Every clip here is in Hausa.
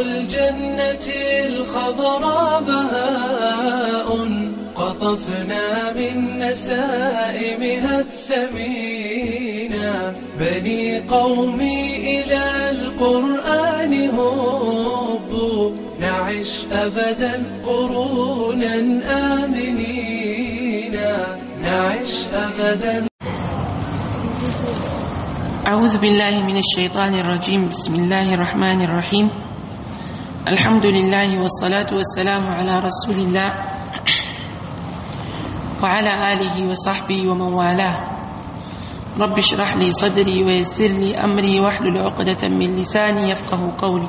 الجنة الخضراء بهاء قطفنا من نسائمها الثمينا بني قومي إلى القرآن هبوا نعش أبدا قرونا آمنين نعش أبدا أعوذ بالله من الشيطان الرجيم بسم الله الرحمن الرحيم الحمد لله والصلاة والسلام على رسول الله وعلى آله وصحبه ومن والاه رب اشرح لي صدري ويسر لي أمري واحلل عقدة من لساني يفقه قولي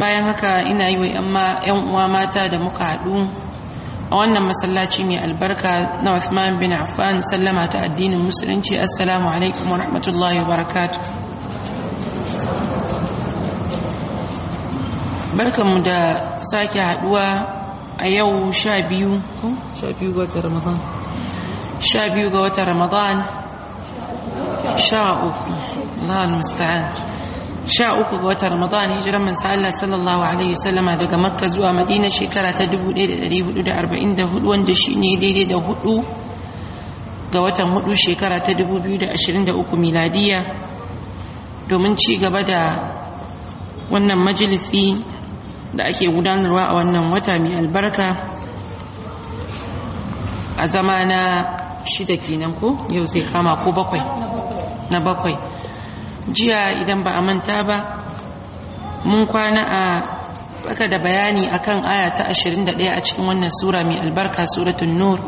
bayan haka ina yi wa amma yan uwa mata da muka haɗu a wannan masallaci mai albarka na Uthman bin Affan sallama ta addinin musulunci assalamu alaikum wa rahmatullahi wa barakatuh barkanmu da sake haduwa a yau sha biyu sha biyu ga watan ramadan sha biyu ga watan ramadan sha uku la'al musta'an sha uku ga watan ramadan hijiran mansa Allah sallallahu alaihi wasallama daga makka zuwa madina shekara ta 1444 wanda shine daidai da hudu ga watan hudu shekara ta 2023 miladiya domin ci gaba da wannan majalisi da ake gudanarwa a wannan wata mai albarka a zama na shida kenan ko yau zai kama ko bakwai na bakwai jiya idan ba a manta ba mun kwana a baka da bayani akan aya ta 21 a cikin wannan sura mai albarka suratun nur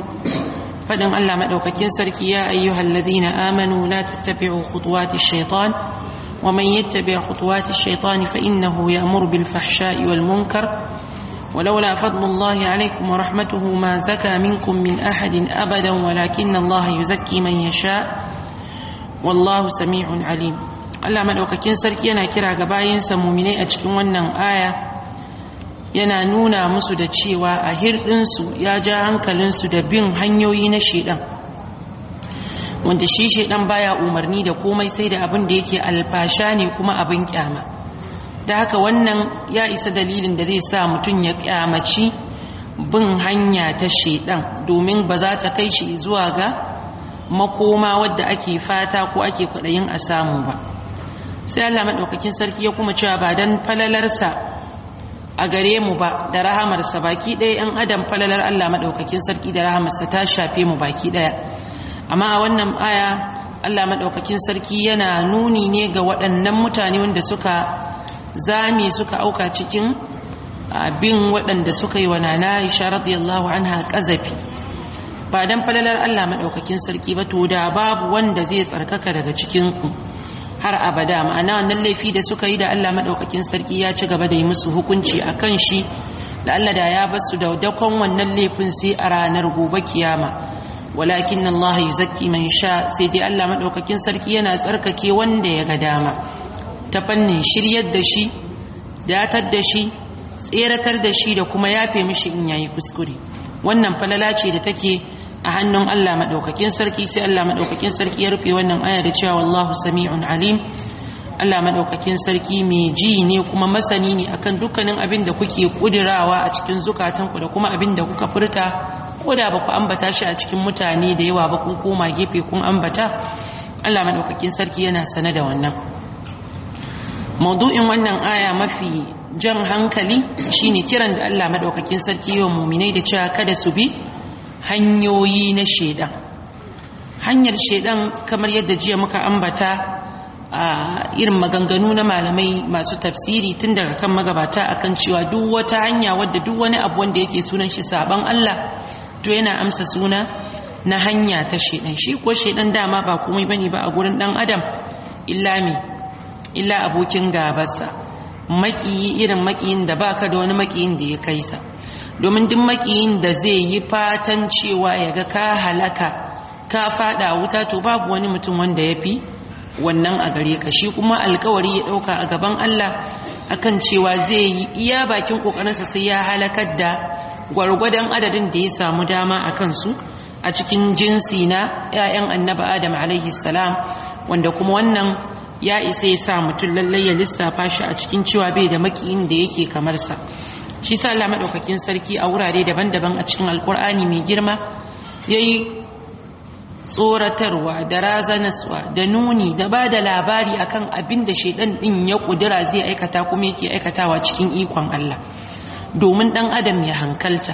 fadin Allah madaukakin sarki ya ayyuhal ladina amanu la tattabi'u khutuwati shaitan ومن يتبع خطوات الشيطان فإنه يأمر بالفحشاء والمنكر ولولا فضل الله عليكم ورحمته ما زكى منكم من أحد أبدا ولكن الله يزكي من يشاء والله سميع عليم ألا ملوككين سركي أنا كرا قبائن سمو من أي أجكمونا آية yana nuna musu da cewa a hirɗinsu ya ja hankalinsu da wanda shi shaidan baya umarni da komai sai da abin da yake alfasha ne kuma abin kyama da haka wannan ya isa dalilin da zai sa mutum ya kyamaci bin hanya ta shaidan domin ba za ta kai shi zuwa ga makoma wadda ake fata ko ake kwaɗayin a samu ba sai Allah maɗaukakin sarki ya kuma cewa ba don falalarsa a gare mu ba da rahamarsa baki ɗaya ‘yan adam falalar Allah maɗaukakin sarki da rahamarsa ta shafe mu baki ɗaya amma a wannan aya Allah maɗaukakin sarki yana nuni ne ga waɗannan mutane wanda suka zame suka auka cikin abin waɗanda suka yi wa nana isha radiyallahu anha ƙazafi ba don falalar Allah maɗaukakin sarki ba to da babu wanda zai tsarkaka daga cikinku har abada ma'ana wannan laifi da suka yi da Allah maɗaukakin sarki ya ci gaba da yi musu hukunci akan shi da Allah da ya basu da dakon wannan laifin sai a ranar gobe kiyama walakin Allah yuzakki man sha sai dai Allah maɗaukakin sarki yana tsarkake wanda ya ga dama ta fannin shiryar da shi datar da shi tseratar da shi da kuma yafe mishi in yayi kuskure wannan falala ce da take a hannun Allah maɗaukakin sarki sai Allah maɗaukakin sarki ya rufe wannan aya da cewa wallahu sami'un alim Allah maɗaukakin sarki mai ji ne kuma masani ne akan dukkanin abin da kuke ƙudirawa a cikin zukatanku da kuma abin da kuka furta ko da ba ku ambata shi a cikin mutane da yawa ba kun koma gefe kun ambata Allah maɗaukakin sarki yana sane da wannan maudu'in wannan aya mafi jan hankali shine kiran da Allah maɗaukakin sarki wa muminai da cewa kada su bi hanyoyi na shaidan hanyar shaidan kamar yadda jiya muka ambata A irin maganganu na malamai masu tafsiri tun daga kan magabata akan cewa duk wata hanya wadda duk wani abu wanda yake sunan shi saban Allah to yana amsa suna na hanya ta shedan shi ko shedan dama ba komai bane ba a gurin dan adam illa me illa abokin gabarsa makiyi irin makiyin da baka da wani makiyin da ya kai sa domin duk makiyin da zai yi fatan cewa ya ga ka halaka ka fada wuta to babu wani mutum wanda ya fi wannan a gare ka shi kuma alkawari ya ɗauka a gaban Allah akan cewa zai yi iya bakin ƙoƙarinsa sai ya halakar da gwargwadon adadin da ya samu dama a kansu a cikin jinsi na 'ya'yan Annabi adam alaihi salam wanda kuma wannan ya isa ya sa mutum lallai ya lissafa shi a cikin cewa bai da makiyin da yake kamar sa shi sa Allah madaukakin sarki a wurare daban-daban a cikin alkur'ani mai girma yayi tsoratarwa da razanaswa da nuni da ba da labari akan abin da shaidan din ya kudura zai aikata kuma yake aikatawa cikin ikon Allah domin dan adam ya hankalta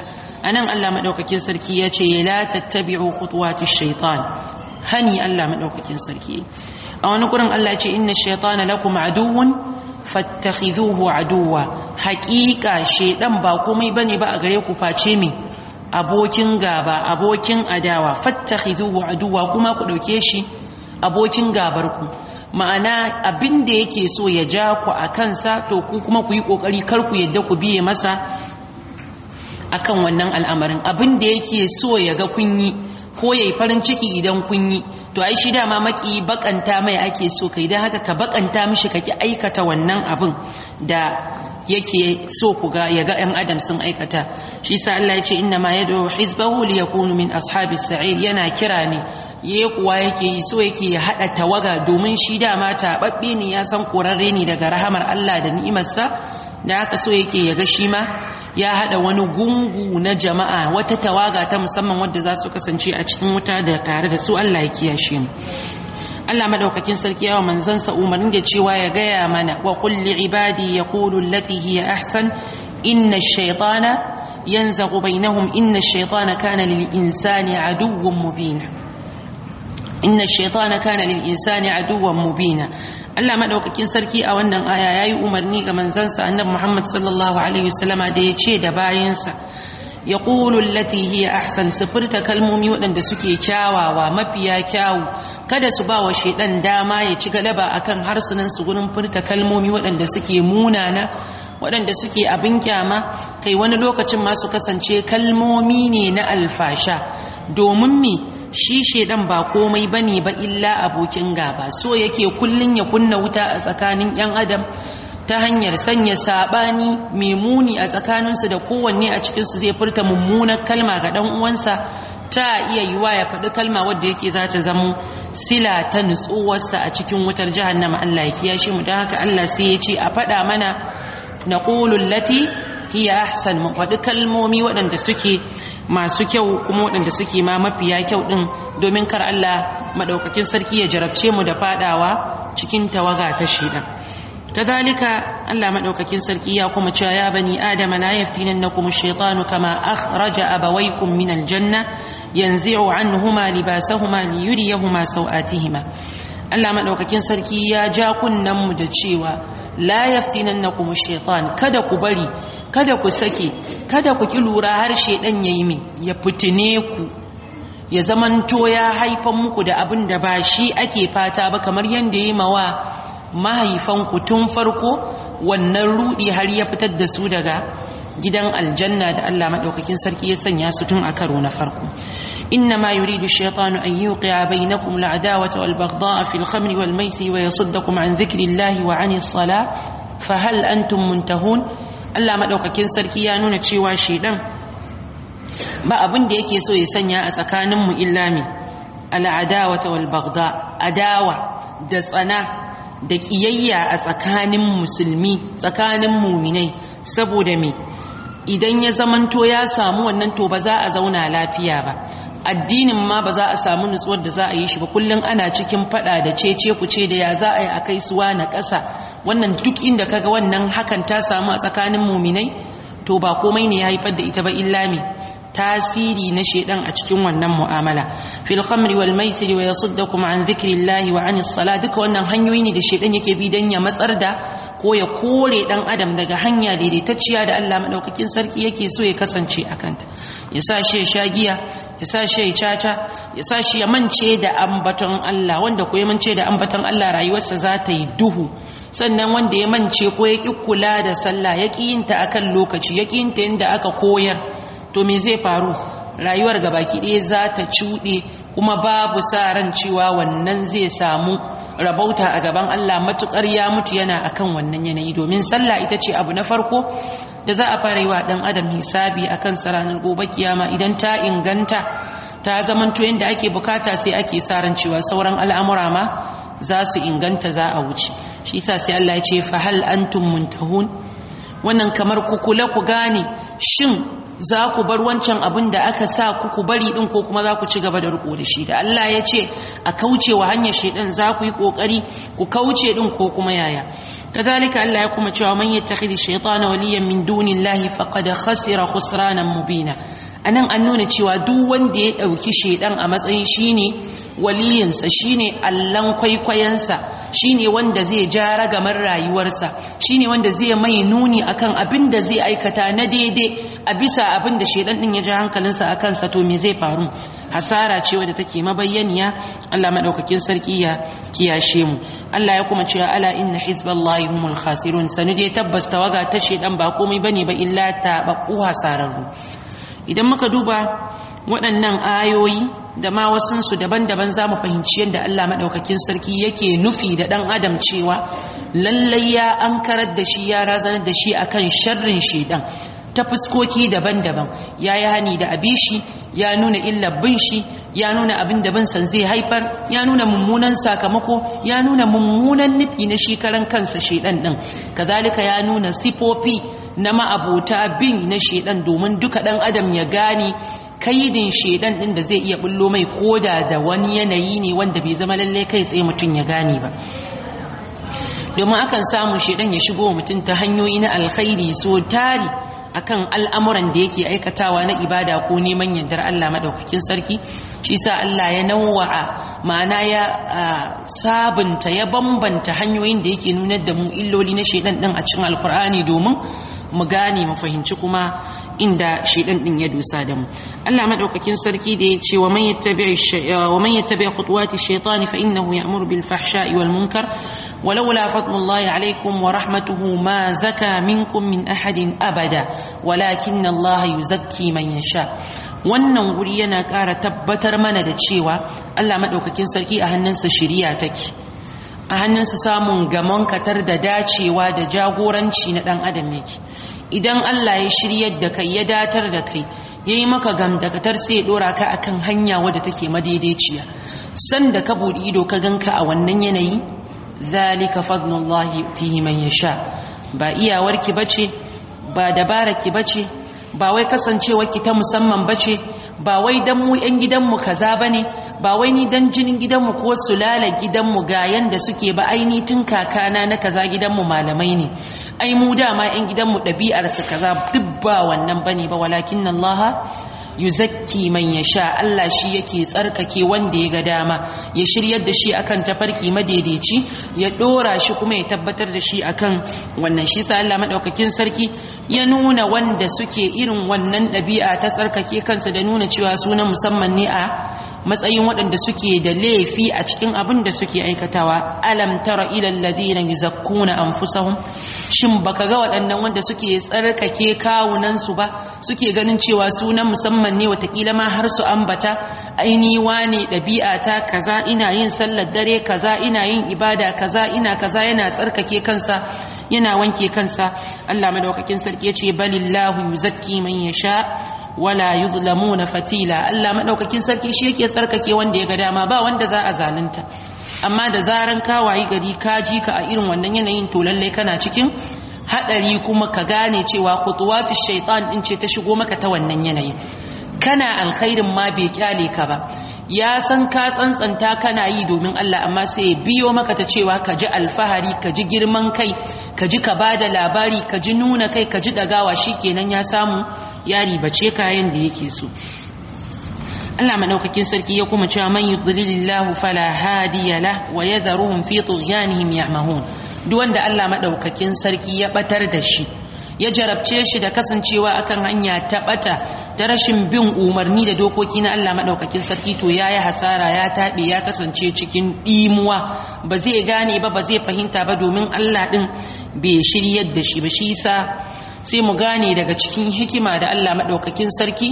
anan Allah madaukakin sarki ya ce la tattabi'u khutuwatish shaitan hani Allah madaukakin sarki a wani gurin Allah ya ce inna shaitana lakum aduwwun fattakhidhuhu aduwa haqiqa shaidan ba komai bane ba a gare ku face mai. abokin gaba abokin adawa fattakhizuhu aduwa kuma ku dauke shi abokin gabar ku ma'ana abin da yake so ya ja ku a kansa to ku kuma ku yi kokari kar ku yadda ku biye masa akan wannan al'amarin abin da yake so ya ga kunyi. yi ko yayi farin ciki idan kunyi, to ai shi dama maki bakanta mai ake so kai dan haka ka bakanta mishi kake aikata wannan abin da yake so ku ga ya ga ɗan adam sun aikata shi sa Allah ya ce inna ma yad'u hizbahu yakunu min ashabis sa'ir yana kira ne yayi kuwa yake yi so yake ya hada tawaga domin shi dama tababbe ne ya san korarre ni daga rahamar Allah da ni'imarsa da haka so yake ya ga shi ma ya hada wani gungu na jama'a wata tawaga ta musamman wadda za su kasance a cikin wuta da tare da su Allah ya kiyashe mu Allah madaukakin sarki yawa manzansa umarni da cewa ya gaya mana wa kulli ibadi yaqulu allati hiya ahsan inna ash-shaytana yanzaghu bainahum inna ash-shaytana kana lil insani aduwwan mubina inna ash-shaytana kana lil insani aduwwan mubina Allah madaukakin sarki a wannan aya yayi umarni ga manzansa annabi Muhammad sallallahu alaihi wasallama da ya ce da bayansa yaqulu allati hiya ahsan sifirta kalmomi waɗanda suke kyawawa mafiya kyawu kada su bawa shedan dama ya ci galaba akan harsunan su gurin furta kalmomi waɗanda suke munana waɗanda suke abin kyama kai wani lokacin masu kasance kalmomi ne na alfasha domin me shi shedan ba komai bane ba illa abokin gaba so yake kullun ya kunna wuta a tsakanin yan adam ta hanyar sanya sabani mai muni a tsakaninsu da kowanne a cikin su zai furta mummunar kalma ga dan uwansa ta iya yiwa ya faɗi kalma wadda yake za ta zamo sila ta nutsuwarsa a cikin wutar jahannama Allah ya kiyashe mu don haka Allah sai ya ce a faɗa mana na ƙolullati? lati hiya ahsan mu wadda kalmomi waɗanda suke masu kyau kuma waɗanda suke ma mafiya kyau ɗin domin kar Allah maɗaukakin sarki ya jarabce mu da faɗawa cikin tawaga ta shida kadhalika Allah madaukakin sarki ya kuma cewa ya bani adama la yaftinannakum ash-shaytanu kama akhraja abawaykum min al-janna yanzi'u anhuma libasahuma liyuriyahuma sawatihima Allah madaukakin sarki ya ja kunnan mu da cewa la na kuma shaitan, kada ku bari kada ku sake kada ku ki lura har ya yayi mai, ya fitine ku ya zamanto ya haifan muku da abin da ba shi ake fata ba kamar yadda ya mawa mahaifanku tun farko wannan rudi har ya fitar da su daga gidan aljanna da Allah maɗaukakin sarki ya sanya su tun a karo na farko إنما يريد الشيطان أن يوقع بينكم العداوة والبغضاء في الخمر والميسر ويصدكم عن ذكر الله وعن الصلاة فهل أنتم منتهون Allah maɗaukakin sarki ya nuna cewa shedan ba abin da yake so ya sanya a tsakaninmu illa me al'adawa ta walbagda adawa da tsana da ƙiyayya a tsakanin musulmi tsakanin muminai saboda me idan ya zamanto ya samu wannan to ba za a zauna lafiya ba addinin ma ba za a samu nutsuwar da za a yi shi ba kullum ana cikin fada da cece ce da ya za a yi a kai suwa na ƙasa wannan duk inda kaga wannan hakan ta samu a tsakanin muminai to ba komai ne ya haifar da ita ba illa me tasiri na shedan a cikin wannan mu'amala fil khamri wal maisiri wa kuma an dhikrillahi wa anis sala duka wannan hanyoyi ne da shedan yake bi dan ya matsar da ko ya kore dan adam daga hanya daidaitacciya da Allah madaukakin sarki yake so ya kasance akanta ya sa shi ya sha giya ya sa shi ya caca ya sa shi ya mance da ambaton Allah wanda ko ya mance da ambaton Allah rayuwarsa za ta yi duhu sannan wanda ya mance ko ya ki kula da sallah ya ki yin akan lokaci ya ki yin ta yanda aka koyar to me zai faru rayuwar gabaki ɗaya za ta cuɗe kuma babu sa ran cewa wannan zai samu rabauta a gaban Allah matukar ya mutu yana akan wannan yanayi domin sallah ita ce abu na farko da za a fara yi wa ɗan adam hisabi akan saranar gobe kiyama idan ta inganta ta zamanto yadda ake bukata sai ake sa ran cewa sauran al'amura ma za su inganta za a wuce shi sa sai Allah ya ce fahal antum muntahun wannan kamar ku kula ku gane shin za ku bar wancan abin da aka sa ku ku bari din ko kuma za ku ci gaba da riko da shi da Allah ya ce a kauce wa hanyar shedan za ku yi kokari ku kauce din ko kuma yaya kadhalika Allah ya kuma cewa man yattakhidhi shaytana waliyan min dunillahi faqad khasira khusranan mubina anan an nuna cewa duk wanda ya ɗauki shedan a matsayin shine waliyinsa shine allan kwaikwayensa shine wanda zai ja gamar rayuwarsa shine wanda zai mai nuni akan abin da zai aikata na daidai a bisa abin da shedan din ya ja hankalinsa akan sa to me zai faru hasara ce wadda take mabayyaniya Allah madaukakin sarki ya kiyashe mu Allah ya kuma cewa ala inna hizballahi humul khasirun ya dai tabbas tawaga ta shedan ba komai bane ba illa ta bakku hasararru idan muka duba waɗannan ayoyi da ma wasunsu daban-daban za mu fahimci yadda Allah maɗaukakin sarki yake nufi da ɗan adam cewa lallai ya ankarar da shi ya razanar da shi akan sharrin shedan ta fuskoki daban-daban ya yi hani da abin shi ya nuna illar bin shi ya nuna abin da san zai haifar ya nuna mummunan sakamako ya nuna mummunan nufi na shekaran kansa shedan din kazalika ya nuna sifofi na ma'abota bin na shedan domin duka dan adam ya gane kaidin shedan din da zai iya bullo mai koda da wani yanayi ne wanda bai zama lallai kai tsaye mutum ya gane ba domin akan samu shedan ya shigo mutum ta hanyoyi na alkhairi so tari akan al'amuran da yake aikatawa na ibada ko neman yardar Allah madaukakin sarki shi sa Allah ya nawa'a ma'ana ya sabunta ya bambanta hanyoyin da yake nunar da mu illoli na shaidan din a cikin alkur'ani domin mu gane mu fahimci kuma inda shaidan din ya dusa da mu Allah madaukakin sarki da ya ce wa man yattabi wa man yattabi khutuwati shaytan fa innahu ya'muru bil fahsha'i wal munkar ولولا فضل الله عليكم ورحمته min زكى منكم من أحد أبدا ولكن Allah يزكي من yasha. wannan guri yana ƙara tabbatar mana da cewa Allah maɗaukakin sarki a hannunsa shiriya take a hannunsa samun gamon katar da dacewa da jagoranci na ɗan adam yake idan Allah ya shiryar da kai ya datar da kai ya yi maka gamdakatar sai ya dora ka akan hanya wadda take madaidaiciya sanda ka buɗi ido ka ganka a wannan yanayi zalika fadlullahi tihi man yasha ba iyawarki bace ba dabararki bace ba wai kasancewa ki ta musamman bace ba wai dan mu yan gidanmu kaza bane ba wai ni dan jinin gidanmu ko sulala gidanmu ga yanda suke ba ai tun kakana na kaza gidanmu malamai ne ai mu dama yan gidanmu ɗabi'ar su kaza duk ba wannan bane ba walakin Allah yuzakki man yasha Allah shi yake tsarkake wanda ya ga dama ya shiryar da shi akan tafarki madaidaici ya dora shi kuma ya tabbatar da shi akan wannan shi sa Allah madaukakin sarki ya nuna wanda suke irin wannan ɗabi'a ta tsarkake kansa da nuna cewa suna musamman ne a matsayin waɗanda suke da laifi a cikin abin da suke aikatawa alam tara na alladhina yuzakkuna anfusahum shin baka ga waɗannan wanda suke tsarkake kawunansu ba suke ganin cewa sunan musamman ne watakila ma har su ambata Ainihwa ne ɗabi'a ta kaza ina yin sallar dare kaza ina yin ibada kaza ina kaza yana tsarkake kansa yana wanke kansa Allah madaukakin sarki yace balillahu yuzakki man yasha wala yuzlamuna fatila Allah madaukakin sarki shi yake tsarkake wanda ya ga dama ba wanda za a zalunta amma da zaran ka wayi gari ka ji ka a irin wannan yanayin to lalle kana cikin hadari kuma ka gane cewa khutuwatu shaitan din ce ta shigo maka ta wannan yanayin kana alkhairin ma bai kyale ka ba ya san ka tsantsanta kana yi domin Allah amma sai ya biyo maka ta cewa ka ji alfahari ka ji girman kai ka ji ka bada labari ka ji nuna kai ka ji dagawa shikenan ya samu ya ribace kayan da yake so Allah madaukakin sarki ya kuma cewa man yudlilillahu fala hadiya la wa yadharuhum fi tughyanihim ya'mahun duk wanda Allah madaukakin sarki ya batar da shi ya jarabce shi da kasancewa akan hanya ta bata ta rashin bin umarni da dokoki na Allah madaukakin sarki to yayi hasara ya tabe ya kasance cikin dimuwa ba zai gane ba ba zai fahimta ba domin Allah din bai shiryar da shi ba shi yasa sai mu gane daga cikin hikima da Allah madaukakin sarki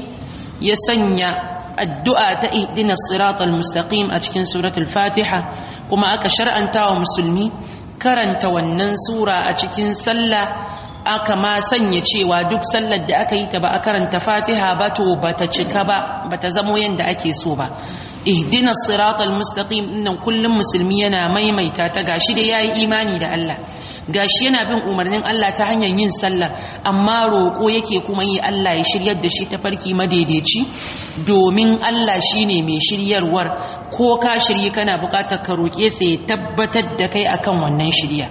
ya sanya addu'a ta ihdina siratal mustaqim a cikin suratul fatiha kuma aka shar'anta wa musulmi karanta wannan sura a cikin sallah aka ma sanya cewa duk sallar da aka yi ta ba a karanta fatiha ba to ba ta cika ba ba ta zamo yadda ake so ba ihdina siratal mustaqim nan kullum musulmi yana maimaita ta gashi da yayi imani da Allah gashi yana bin umarnin Allah ta hanyar yin sallah amma roko yake kuma yi Allah ya shiryar da shi ta farki madaidaici domin Allah shine mai shiryarwar ko ka shirye kana bukatar ka roke sai tabbatar da kai akan wannan shirya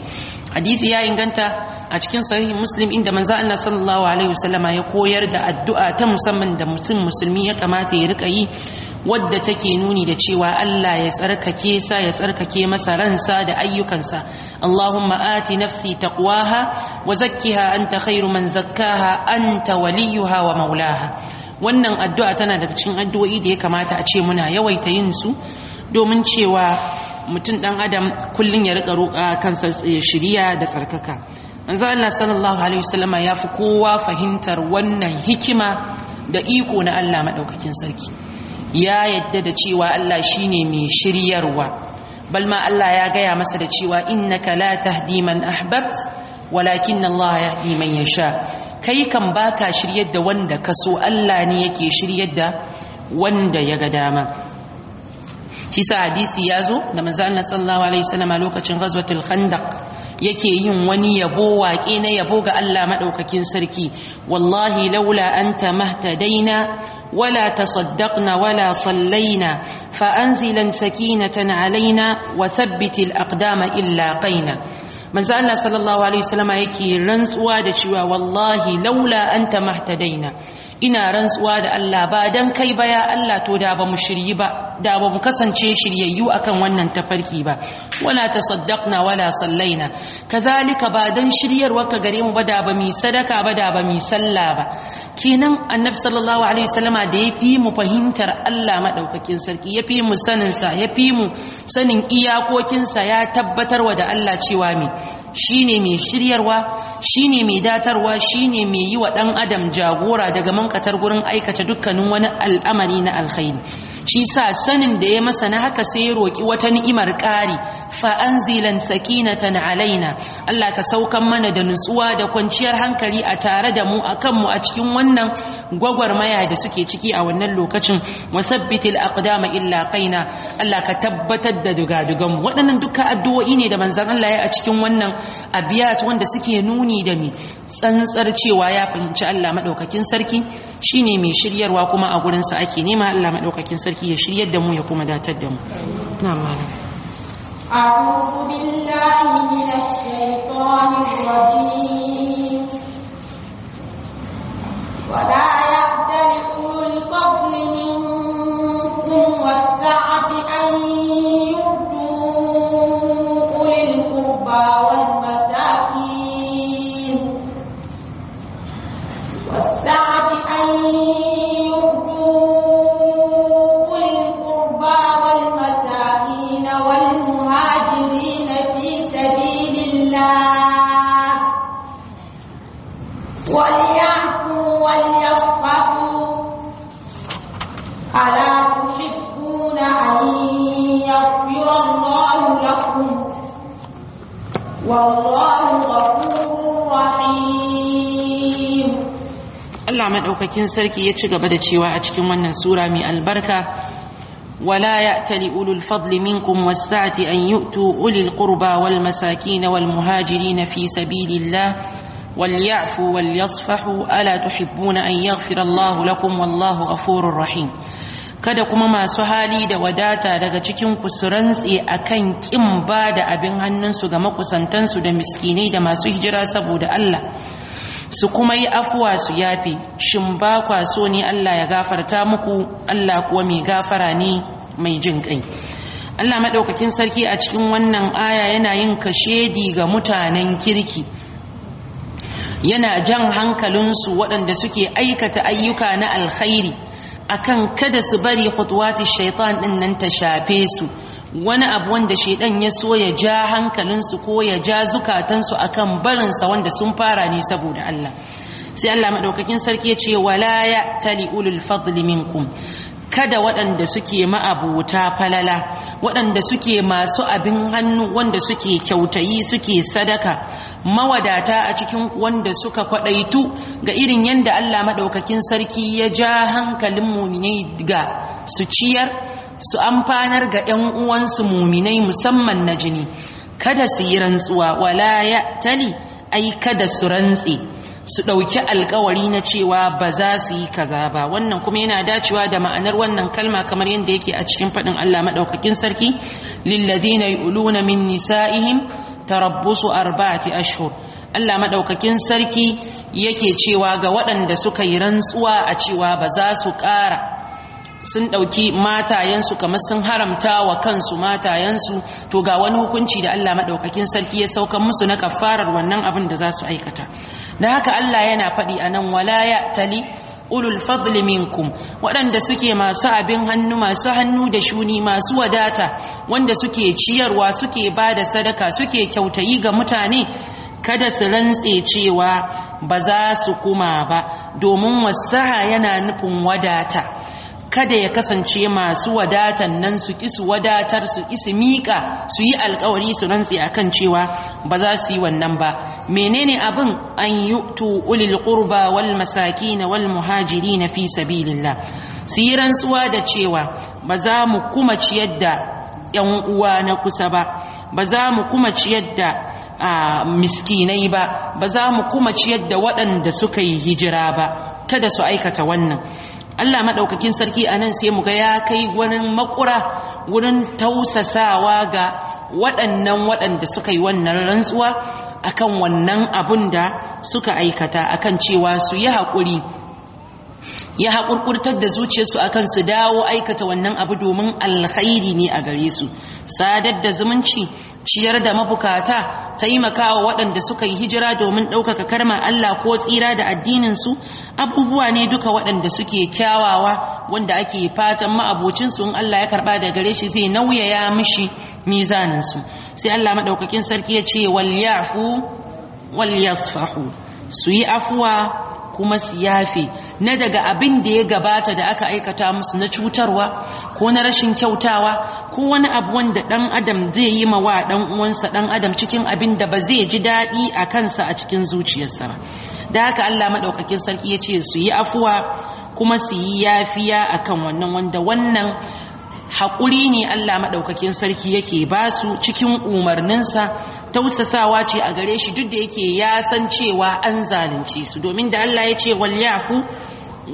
hadisi ya inganta a cikin sahih muslim inda manzo Allah sallallahu alaihi wasallama ya koyar da addu'a ta musamman da mutum musulmi ya kamata ya rika yi wadda take nuni da cewa Allah ya tsarkake sa ya tsarkake masa ransa da ayyukansa Allahumma ati nafsi taqwaha wa zakkiha anta khairu man zakkaha anta waliyuha wa maulaha wannan addu'a tana daga cikin addu'o'i da ya kamata a ce muna yawaita yin su domin cewa mutum dan adam kullun ya rika roƙa kansa eh, shiriya da tsarkaka manzo Allah sallallahu alaihi wasallama ya fi kowa fahimtar wannan hikima da iko na Allah madaukakin sarki ya yadda da cewa Allah shine mai shiryarwa balma Allah ya gaya masa da cewa innaka la tahdi man ahbabt walakin Allah yahdi man yasha kai kan baka shiryar da wanda ka so. Allah ne yake shiryar da wanda ya ga dama shi sa hadisi ya zo da manzo Allah sallallahu alaihi wasallam lokacin ghazwatul khandaq yake yin wani yabo waƙe na yabo ga Allah maɗaukakin sarki wallahi laula anta mahtadaina wala tasaddaqna wala sallaina fa anzilan sakinatan alaina wa thabbitil aqdama illa qaina manzo Allah sallallahu alaihi wasallama yake rantsuwa da cewa wallahi laula anta mahtadaina ina rantsuwa da Allah ba dan kai ba ya Allah to da bamu shiryi ba da bamu kasance shiryayyu akan wannan tafarki ba wala tasaddaqna wala sallaina kazalika ba dan shiryarwa ka gare mu ba da ba sadaka ba da ba mi salla ba kenan annabi sallallahu alaihi wasallama da ya fi mu fahimtar Allah madaukakin sarki ya fi mu sanin sa ya fi mu sanin iyakokin sa ya tabbatarwa da Allah cewa mi shine mai shiryarwa shine mai datarwa shine mai yi wa ɗan adam jagora daga mankatar gurin aikata dukkanin wani al'amari na alkhairi shi sa sanin da ya masa na haka sai ya roƙi wata ni'imar ƙari fa anzilan sakinatan alaina Allah ka saukan mana da nutsuwa da kwanciyar hankali a tare da mu akan mu a cikin wannan gwagwarmaya da suke ciki a wannan lokacin wasabbitil aqdama illa qaina Allah ka tabbatar da dugadugan mu waɗannan duka addu'o'i ne da manzon Allah ya a cikin wannan abiyat wanda suke nuni da mi tsantsar cewa ya fahimci Allah madaukakin sarki shine mai shiryarwa kuma a gurin sa ake nema Allah madaukakin sarki تركي يشري الدم da ذات الدم نعم datar أعوذ بالله من الشيطان الرجيم ولا يبتل أولي الفضل منكم والسعة أن يؤتوا أولي القربى والمساكين والسعة وليعفوا وليصفحوا ألا تحبون أن يغفر الله لكم والله غفور رحيم Allah maɗaukakin sarki ya ci gaba da cewa a cikin wannan sura mai albarka ولا يات أولو الفضل منكم والسعة أن يؤتوا أولي القربى والمساكين والمهاجرين في سبيل الله وليعفوا وليصفحوا ألا تحبون أن يغفر الله لكم والله غفور رحيم kada kuma masu hali da wadata daga cikin ku su akan kin ba da abin hannunsu ga makusantansu da miskinai da masu hijira saboda Allah su kuma yi afuwa su yafe shin ba kwa so ne Allah ya gafarta muku Allah kuwa mai gafara ne mai jin kai Allah maɗaukakin sarki a cikin wannan aya yana yin kashedi ga mutanen kirki yana jan hankalinsu waɗanda suke aikata ayyuka na alkhairi akan kada su bari khutuwati shaitan ɗin nan ta shafe su wani abu wanda shaiɗan ya so ya ja hankalinsu ko ya ja zukatansu akan barinsa wanda sun fara ne saboda Allah sai Allah madaukakin sarki ya ce wala ya tali ulul fadli minkum kada waɗanda suke ma'abuta falala waɗanda suke masu abin hannu wanda suke kyautayi suke sadaka mawadata a cikin wanda suka kwaɗaitu ga irin yadda Allah maɗaukakin sarki ya ja hankalin muminai ga su ciyar su amfanar ga 'yan uwansu muminai musamman na jini kada su yi rantsuwa wala ya tali ai kada su rantse su ɗauki alkawari na cewa ba za su yi kaza ba wannan kuma yana dacewa da ma'anar wannan kalma kamar yadda yake a cikin faɗin Allah maɗaukakin sarki lilladina yu'luna min nisa'ihim tarabbusu arba'ati ashhur Allah maɗaukakin sarki yake cewa ga waɗanda suka yi rantsuwa a cewa ba za su ƙara sun ɗauki matayensu kamar sun haramta wa kansu matayensu to ga wani hukunci da Allah maɗaukakin sarki ya saukan musu na kafarar wannan abin da za su aikata da haka Allah yana faɗi anan, nan walaya tali ulul fadli minkum waɗanda suke masu abin hannu masu hannu da shuni masu wadata wanda suke ciyarwa suke ba da sadaka suke kyautayi ga mutane kada su rantse cewa ba za su kuma ba domin wasaha yana nufin wadata kada ya kasance masu wadatan nan su su wadatar su su miƙa su yi alƙawari su rantsi akan cewa ba za su yi wannan ba menene abin an yu'tu ulil qurba wal na wal na fi sabilillah su yi rantsuwa da cewa ba za mu kuma ciyar da yan uwa na kusa ba ba za mu kuma ciyar da miskinai ba ba za mu kuma ciyar da waɗanda suka yi hijira ba kada su aikata wannan Allah maɗaukakin sarki a nan sai mu ga ya kai wurin makura wurin tausasawa ga waɗannan waɗanda suka yi wannan rantsuwa akan wannan abun da suka aikata akan cewa su yi haƙuri ya haƙurƙurtar da zuciyarsu akan su dawo aikata wannan abu domin alkhairi ne a gare su sadar da zumunci ciyar da mabukata taimakawa waɗanda suka yi hijira domin ɗaukaka karma Allah ko tsira da addininsu abubuwa ne duka waɗanda suke kyawawa wanda ake fatan ma'abocinsu in Allah ya karɓa da gare shi zai nauyaya mishi mizaninsu sai Allah maɗaukakin sarki ya ce wal yafu wal yasfahu su yi afuwa kuma su yafe na daga abin da ya gabata da aka aikata musu na cutarwa ko na rashin kyautawa ko wani abu wanda dan adam zai yi ma wa dan uwansa dan adam cikin abin da ba zai ji daɗi a kansa a cikin zuciyarsa ba da haka Allah madaukakin sarki ya ce su yi afuwa kuma su yi yafiya akan wannan wanda wannan haƙuri ne Allah maɗaukakin sarki yake ba su cikin umarninsa tausasawa ce a gare shi duk da yake ya san cewa an zalunce su domin da Allah ya ce walyafu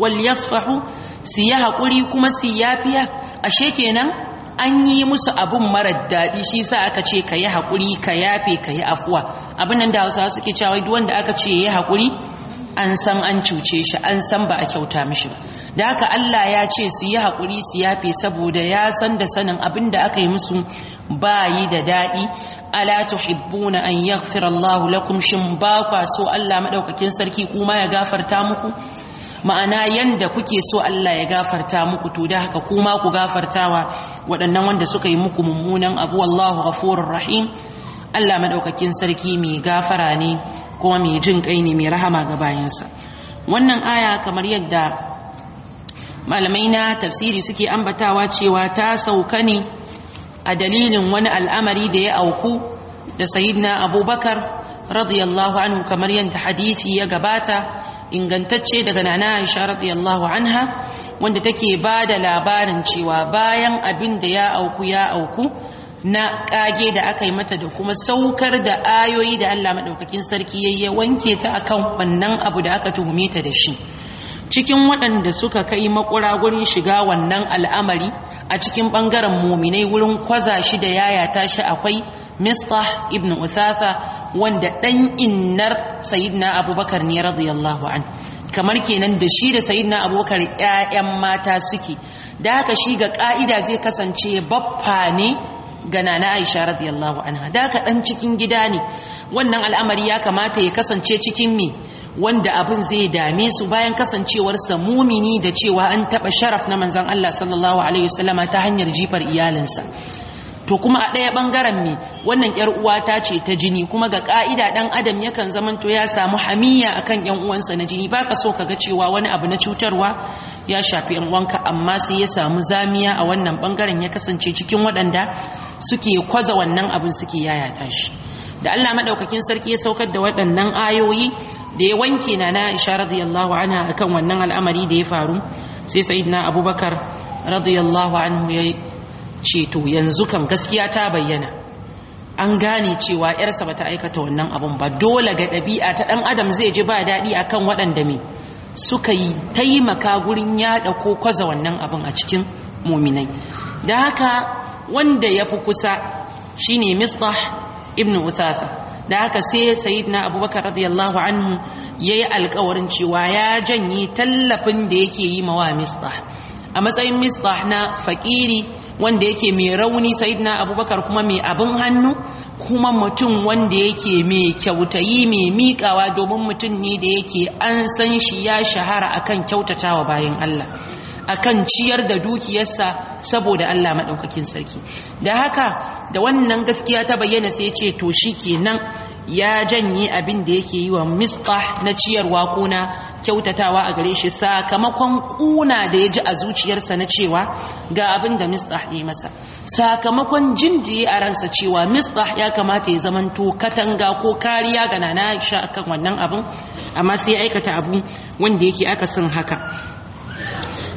walyasfahu su yi haƙuri kuma su yafiya ashe kenan an yi musu abun mara daɗi shi sa aka ce ka yi haƙuri ka yafe ka yi afuwa abin nan da hausawa suke cewa duk wanda aka ce ya yi haƙuri an san an cuce shi an san ba a kyauta mishi ba da haka Allah ya ce su yi haƙuri su yafe saboda ya san da sanin abin da aka yi musu Ba yi da daɗi ala tuhibbuna an yaghfira Allahu lakum shin ba kwa so Allah madaukakin sarki kuma ya gafarta muku ma'ana yanda kuke so Allah ya gafarta muku to da haka kuma ku gafartawa waɗannan wanda suka yi muku mummunan abu wallahu ghafurur rahim Allah madaukakin sarki mai gafara ne kuma mai jin kai ne mai rahama ga bayansa wannan aya kamar yadda malamai na tafsiri suke ambatawa cewa ta sauka ne a dalilin wani al'amari da ya auku da sayidina abubakar radiyallahu anhu kamar yadda hadisi ya gabata ingantacce daga nana aisha radiyallahu anha wanda take ba da labarin cewa bayan abin da ya auku ya auku na kage da aka yi mata da kuma saukar da ayoyi da Allah maɗaukakin sarki ya wanke ta akan wannan abu da aka tuhume ta da shi cikin waɗanda suka kai makura gurin shiga wannan al'amari a cikin ɓangaren muminai wurin kwaza shi da yaya ta shi akwai mistah ibn usasa wanda ɗan innar sayidina abubakar ne radiyallahu an kamar kenan da shi da sayidina abubakar 'ya'yan mata suke da haka shi ga ƙa'ida zai kasance baffa ne gana na Aisha radiyallahu anha da ka dan cikin gida ne wannan al'amari ya kamata ya kasance cikin mi wanda abun zai dame su bayan kasancewar sa mumini da cewa an taba sharaf na manzon Allah sallallahu alaihi wasallama ta hanyar jifar iyalinsa to kuma a ɗaya ɓangaren me wannan ƴar uwa ta ce ta jini kuma ga ƙa'ida ɗan adam yakan to ya samu hamiya akan 'yan uwansa na jini baka so ka ga cewa wani abu na cutarwa ya shafi ƴan uwanka amma sai ya samu zamiya a wannan ɓangaren ya kasance cikin waɗanda suke kwaza wannan abin suke yayata shi da Allah madaukakin sarki ya saukar da waɗannan ayoyi da ya wanke na na Aisha radiyallahu anha akan wannan al'amari da ya faru sai sayyidina Abubakar radiyallahu anhu ya Ceto, yanzu kan gaskiya ta bayyana an gane cewa yarsa ta aikata wannan abun ba dole ga ɗabi'a ta ɗan adam zai ji ba daɗi akan waɗanda me suka yi taimaka gurin yaɗa ko kwaza wannan abun a cikin muminai da haka wanda ya fi kusa shine misbah ibn usafa da haka sai sayyidina abubakar radiyallahu anhu yayi alƙawarin cewa ya janye tallafin da yake yi mawa misbah a matsayin misbah na faƙiri. wanda yake mai rauni sayyidina abubakar kuma mai abin hannu kuma mutum wanda yake mai kyautayi mai miƙawa domin mutum ne da yake an san shi ya shahara akan kyautatawa bayan Allah akan ciyar da dukiyarsa saboda Allah maɗaukakin sarki da haka da wannan gaskiya ta bayyana sai ce to shi kenan ya janye abin da yake yi wa miska na ciyarwa ko kyautatawa a gare shi sakamakon kuna da ya ji a zuciyarsa na cewa ga abin da miska ya masa sakamakon jin da ya a ransa cewa miska ya kamata ya zamanto katanga ko kariya ga nana Aisha akan wannan abin amma sai ya aikata abu wanda yake aka sun haka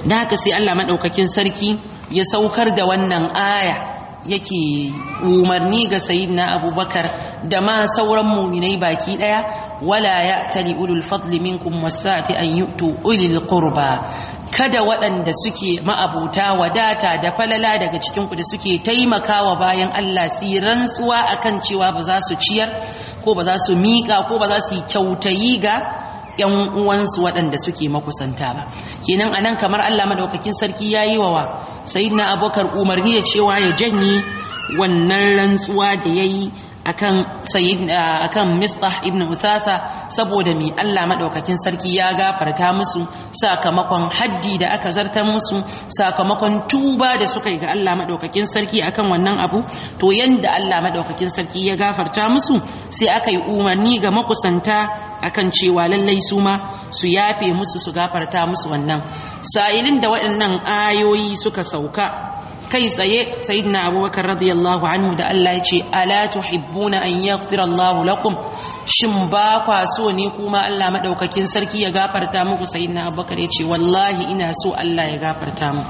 da haka sai Allah maɗaukakin sarki ya saukar da wannan aya yake umarni ga na abubakar da ma sauran muminai baki daya wala ya tali ulul fadli minkum wasati an yutu ulil qurba kada waɗanda suke ma'abuta wadata da falala daga cikin ku da suke taimakawa bayan Allah su yi rantsuwa akan cewa ba za su ciyar ko ba za su miƙa ko ba za su yi kyautayi ga 'yan uwansu waɗanda suke makusanta ba kenan anan kamar Allah madaukakin sarki yayi yi wawa sayyidina abokar umarni ya cewa ya janye wannan rantsuwa da yayi akan sayyid akan mistah ibn usasa saboda mi Allah madaukakin sarki ya gafarta musu sakamakon haddi da aka zartar musu sakamakon tuba da suka yi ga Allah madaukakin sarki akan wannan abu to yanda Allah madaukakin sarki ya gafarta musu sai aka yi umarni ga makusanta akan cewa lallai su ma su yafe musu su gafarta musu wannan sa'ilin da waɗannan ayoyi suka sauka kai tsaye sayyidina abubakar radiyallahu anhu da Allah ya ce ala tuhibbuna an yaghfira Allahu lakum shin ba kwa so ne kuma Allah Maɗaukakin sarki ya gafarta muku sayyidina abubakar ya ce wallahi ina so Allah ya gafarta mu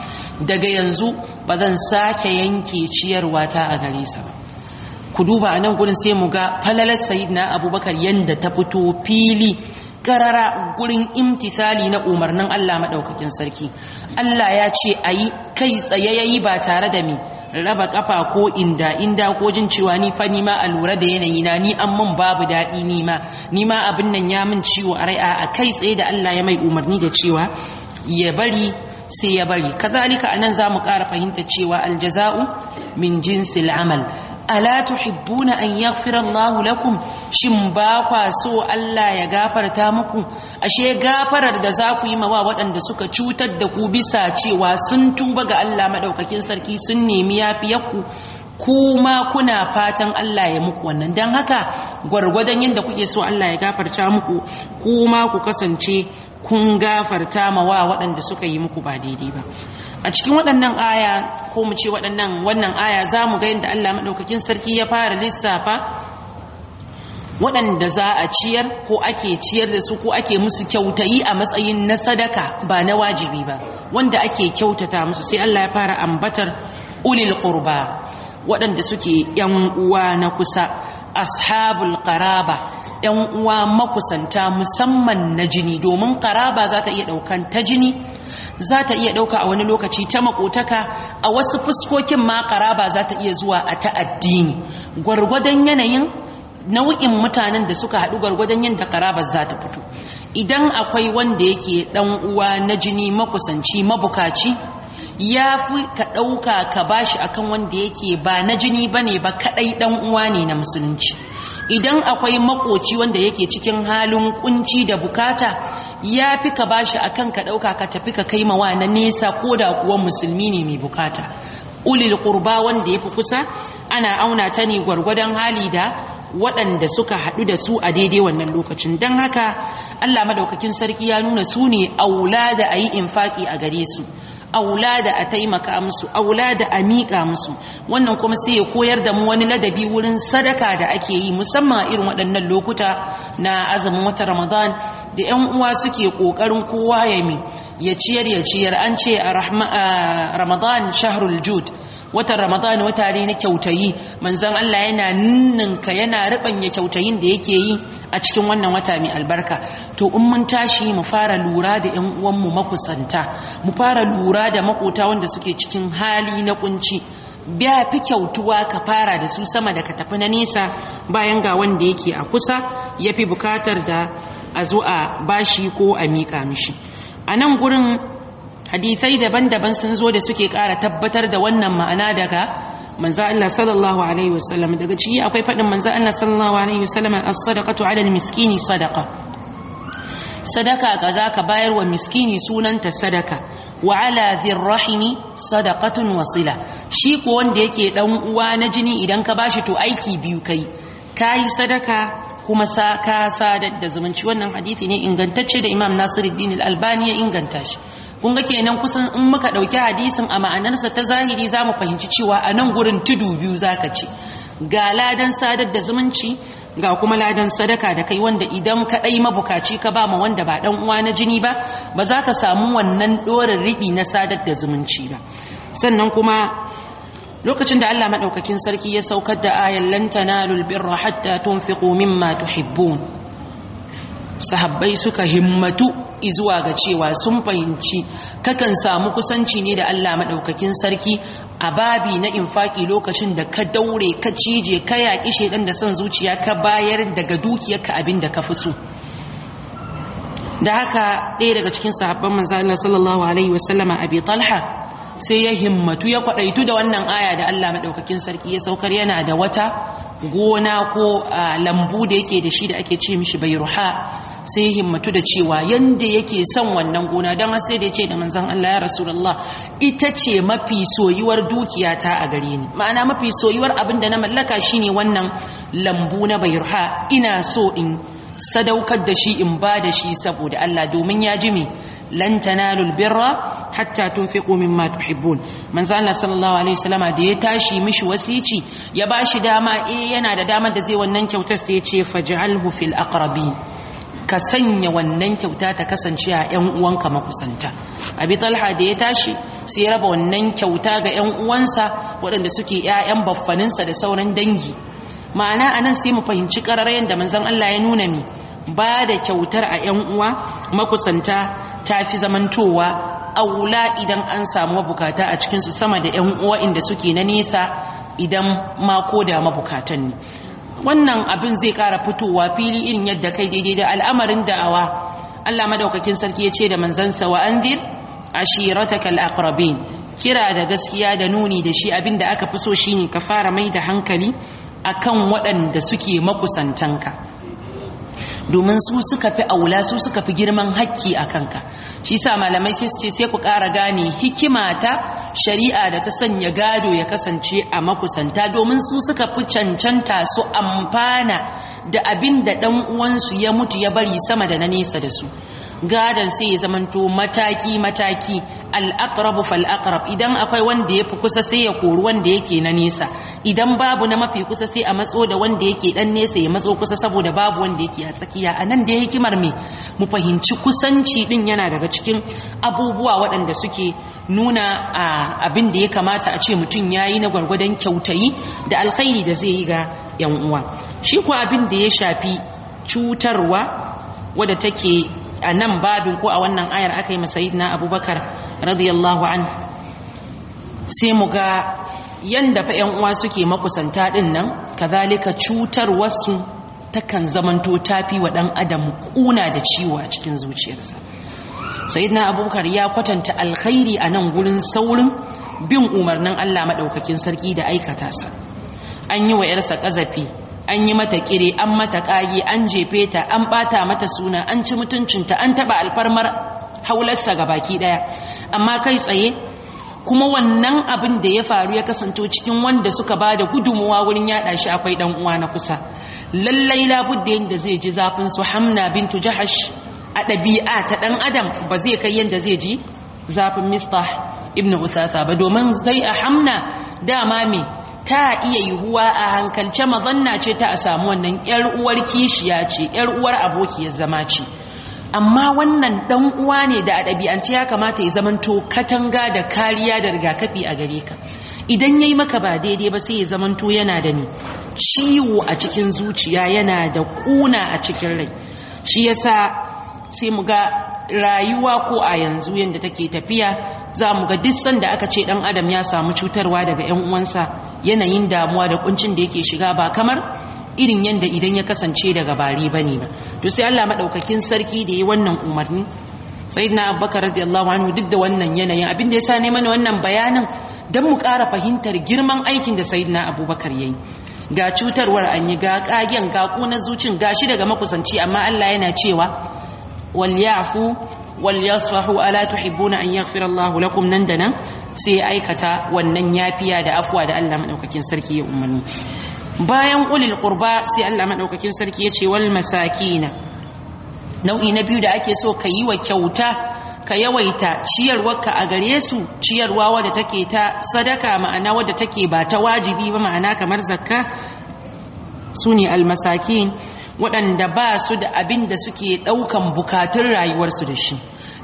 daga yanzu ba zan sake yanke ciyarwa ta a gare sa ku duba a nan gurin sai mu ga falalar sayyidina abubakar yadda ta fito fili karara gurin imtisali na umarnin Allah maɗaukakin sarki Allah ya ce a yi kai tsaye ya yi ba tare da mi raba kafa ko inda inda ko jin cewa ni fa ni ma a lura da yanayi na ni an mun babu daɗi ni ma ni ma abin nan ya min ciwo a rai a kai tsaye da Allah ya mai umarni da cewa ya bari sai ya bari kazalika anan zamu ƙara fahimta cewa aljaza'u min jinsil amal ala tuhibbuna an yaghfira Allahu lakum shin ba kwa so Allah ya gafarta muku ashe gafarar da za ku yi ma waɗanda suka cutar da ku bisa cewa sun tuba ga Allah madaukakin sarki sun nemi yafiyarku kuma kuna fatan Allah ya muku wannan don haka gwargwadon yadda kuke so Allah ya gafarta muku kuma ku kasance kun gafarta ma wa waɗanda suka yi muku ba daidai ba a cikin waɗannan aya ko mu ce waɗannan wannan aya za mu ga yadda Allah maɗaukakin sarki ya fara lissafa waɗanda za a ciyar ko ake ciyar da su ko ake musu kyautayi a matsayin na sadaka ba na wajibi ba wanda ake kyautata musu sai Allah ya fara ambatar ulil qurba waɗanda suke ‘yan uwa na kusa ashabul ƙaraba ‘yan uwa makusanta musamman na jini domin ƙaraba za ta iya ɗaukan ta jini za ta iya ɗauka a wani lokaci ta makotaka a wasu fuskokin ma ƙaraba za ta iya zuwa a ta addini gwargwadon yanayin nau'in mutanen da suka haɗu gwargwadon yadda karaba za ta fito idan akwai wanda yake ɗan uwa na jini makusanci mabukaci ya fi ka ɗauka ka bashi akan wanda yake ba na jini ba ne ba kaɗai ɗan uwa ne na musulunci idan akwai makoci wanda yake cikin halin kunci da bukata ya fi ka bashi akan ka ɗauka ka tafi ka kai mawa na nesa ko da kuwa musulmi ne mai bukata ulil ƙurba wanda ya fi kusa ana auna ta ne gwargwadon hali da waɗanda suka haɗu da su a daidai wannan lokacin don haka Allah madaukakin sarki ya nuna su ne aula da a yi infaƙi a gare su aulada a taimaka musu aulada a miƙa musu wannan kuma sai ya koyar da mu wani ladabi wurin sadaka da ake yi musamman irin waɗannan lokuta na azumin wata ramadan da yan uwa suke ƙoƙarin kowa ya mi ya ciyar ya ciyar an ce a ramadan shahrul jud watan ramadan wata ne na kyautayi manzon Allah yana ninninka yana ribanya kyautayin da yake yi a cikin wannan wata mai albarka to in mun tashi mu fara lura da ƴan uwanmu makusanta mu fara lura da makota wanda suke cikin hali na kunci biya fi kyautuwa ka fara da su sama da ka tafi na nesa bayan ga wanda yake a kusa ya fi bukatar da a zo a bashi ko a miƙa mishi a nan gurin hadithai daban-daban sun zo da suke ƙara tabbatar da wannan ma'ana daga manzo Allah sallallahu alaihi wasallam daga ciki akwai faɗin manzo Allah sallallahu alaihi wasallam as-sadaqatu 'ala miskini sadaqa sadaka kaza ka bayar wa miskini sunanta sadaka wa ala zirrahimi sadaqatun wasila shi ko wanda yake dan uwa na jini idan ka bashi to aiki biyu kai kai sadaka kuma sa ka sadar da zumunci wannan hadisi ne ingantacce da Imam Nasiruddin Al-Albani ya inganta shi kun ga kenan kusan in muka dauki hadisin a ma'anarsa ta zahiri zamu fahimci cewa a nan gurin tudu biyu zaka ci ga ladan sadar da zumunci ga kuma ladan sadaka da kai wanda idan ka dai mabukaci ka ba ma wanda ba dan uwa na jini ba ba za ka samu wannan dorin riɗi na sadar da zumunci ba sannan kuma lokacin da Allah Maɗaukakin sarki ya saukar da ayan lan tanalul birra hatta tunfiqu mimma tuhibbun sahabbai suka himmatu izuwa ga cewa sun fahimci kakan samu kusanci ne da Allah maɗaukakin sarki a babi na infaki lokacin da ka daure ka cije ka yaƙi shaidan da son zuciya ka bayar daga dukiyarka abin da ka fi so da haka ɗaya daga cikin sahabban manzo Allah sallallahu alaihi wasallama abi talha sai ya himmatu ya kwadaitu da wannan aya da Allah maɗaukakin sarki ya saukar yana da wata gona ko lambu da yake da shi da ake ce mishi bayruha sai ya himmatu da cewa yanda yake son wannan gona dan sai da yace da manzon Allah ya rasulullah ita ce mafi soyuwar dukiya ta a gare ni ma'ana mafi soyuwar abin da na mallaka shine wannan lambu na bayruha ina so in sadaukar da shi in ba da shi saboda Allah domin ya ji me lan tanalul hatta tunfiqu mimma tuhibbun manzo Allah sallallahu alaihi wasallama da ya tashi mishi wasici ya bashi dama eh yana da damar da zai wannan kyautar sai ya ce faj'alhu fil aqrabin ka sanya wannan kyauta ta kasance a ƴan uwanka makusanta abi talha da ya tashi sai ya raba wannan kyauta ga ƴan uwansa waɗanda suke ƴaƴan baffaninsa da sauran dangi ma'ana anan sai mu fahimci ƙararrayen da manzon Allah ya nuna mi ba da kyautar a ƴan uwa makusanta ta fi zamantowa aula idan an samu mabukata a cikinsu sama da 'yan uwa inda suke na nesa idan ma ko da mabukatan ne wannan abin zai kara fitowa fili irin yadda kai daidai da al'amarin da'awa Allah madaukakin sarki ya ce da manzansa wa anzir ashiratak al kira da gaskiya da nuni da shi abin da aka fi so shine ka fara mai da hankali akan waɗanda suke makusantanka domin su suka fi aula su suka fi girman haƙƙi a kanka shi sa malamai sai su ce sai ku ƙara gane hikima ta shari'a da ta sanya gado ya kasance a makusanta domin su suka fi cancanta su amfana da abin da ɗan uwansu ya mutu ya bari sama da na nesa da su gadon sai ya zamanto mataki mataki al-aqrabu fal idan akwai wanda ya fi kusa sai ya kori wanda yake na nesa idan babu na mafi kusa sai a matso da wanda yake dan nesa ya matso kusa saboda babu wanda yake a tsakiya a nan da ya hikimar me mu fahimci kusanci din yana daga cikin abubuwa waɗanda suke nuna abin da ya kamata a ce mutum ya yi na gwargwadon kyautayi da alkhairi da zai yi ga yan uwa shi ko abin da ya shafi cutarwa wadda take a nan babin ko a wannan ayar aka yi na abubakar radiyallahu an sai mu ga yanda fa yan uwa suke makusanta din nan kazalika cutar wasu takan zamanto tafi wa dan adam kuna da ciwo a cikin zuciyarsa na abubakar ya kwatanta alkhairi a nan gurin saurin bin umarnin Allah maɗaukakin sarki da aikata sa an yi wa yarsa ƙazafi. an yi mata kire an mata kagi an jefe ta an bata mata suna an ci mutuncinta an taba alfarmar haularsa ga baki daya amma kai tsaye kuma wannan abin da ya faru ya kasance cikin wanda suka ba da gudunmuwa wurin yada shi akwai dan uwa na kusa lallai labudda yadda zai ji zafin su hamna bintu jahash a ɗabi'a ta ɗan adam ba zai kai yadda zai ji zafin mistah ibn usasa ba domin zai a hamna dama me ta iya yiwuwa a hankalce mazanna ce ta a samu wannan yar uwar kishiya ce yar uwar abokiyar zama ce amma wannan dan uwa ne da a ɗabi'ance ya kamata ya zamanto katanga da kariya da rigakafi a gare ka idan yayi maka ba daidai ba sai ya zamanto yana da ni ciwo a cikin zuciya yana da kuna a cikin rai shi yasa sai mu ga rayuwa ko a yanzu yadda take tafiya za mu ga duk sanda aka ce dan adam ya samu cutarwa daga yan uwansa yanayin damuwa da kuncin da yake shiga ba kamar irin yadda idan ya kasance daga bari bane ba to sai Allah madaukakin sarki da yi wannan umarni sayyidina abubakar radiyallahu anhu duk da wannan yanayin abin da yasa ne mana wannan bayanin dan mu ƙara fahimtar girman aikin da sayyidina abubakar yayi ga cutarwar an yi ga kagen ga ƙunar zucin gashi daga makusanci amma Allah yana cewa walyafu walyasfahu ala tuhibbuna an yaghfira Allahu lakum nan da nan sai aikata wannan yafiya da afwa da Allah madaukakin sarki ya umarni bayan ulil qurba sai Allah madaukakin sarki ya ce wal masakina nau'i na biyu da ake so ka yi wa kyauta ka yawaita ciyarwarka a gare su ciyarwa wadda take ta sadaka ma'ana wadda take ba ta wajibi ba ma'ana kamar zakka su ne almasakin waɗanda ba su da abin da suke ɗaukan bukatun rayuwarsu da shi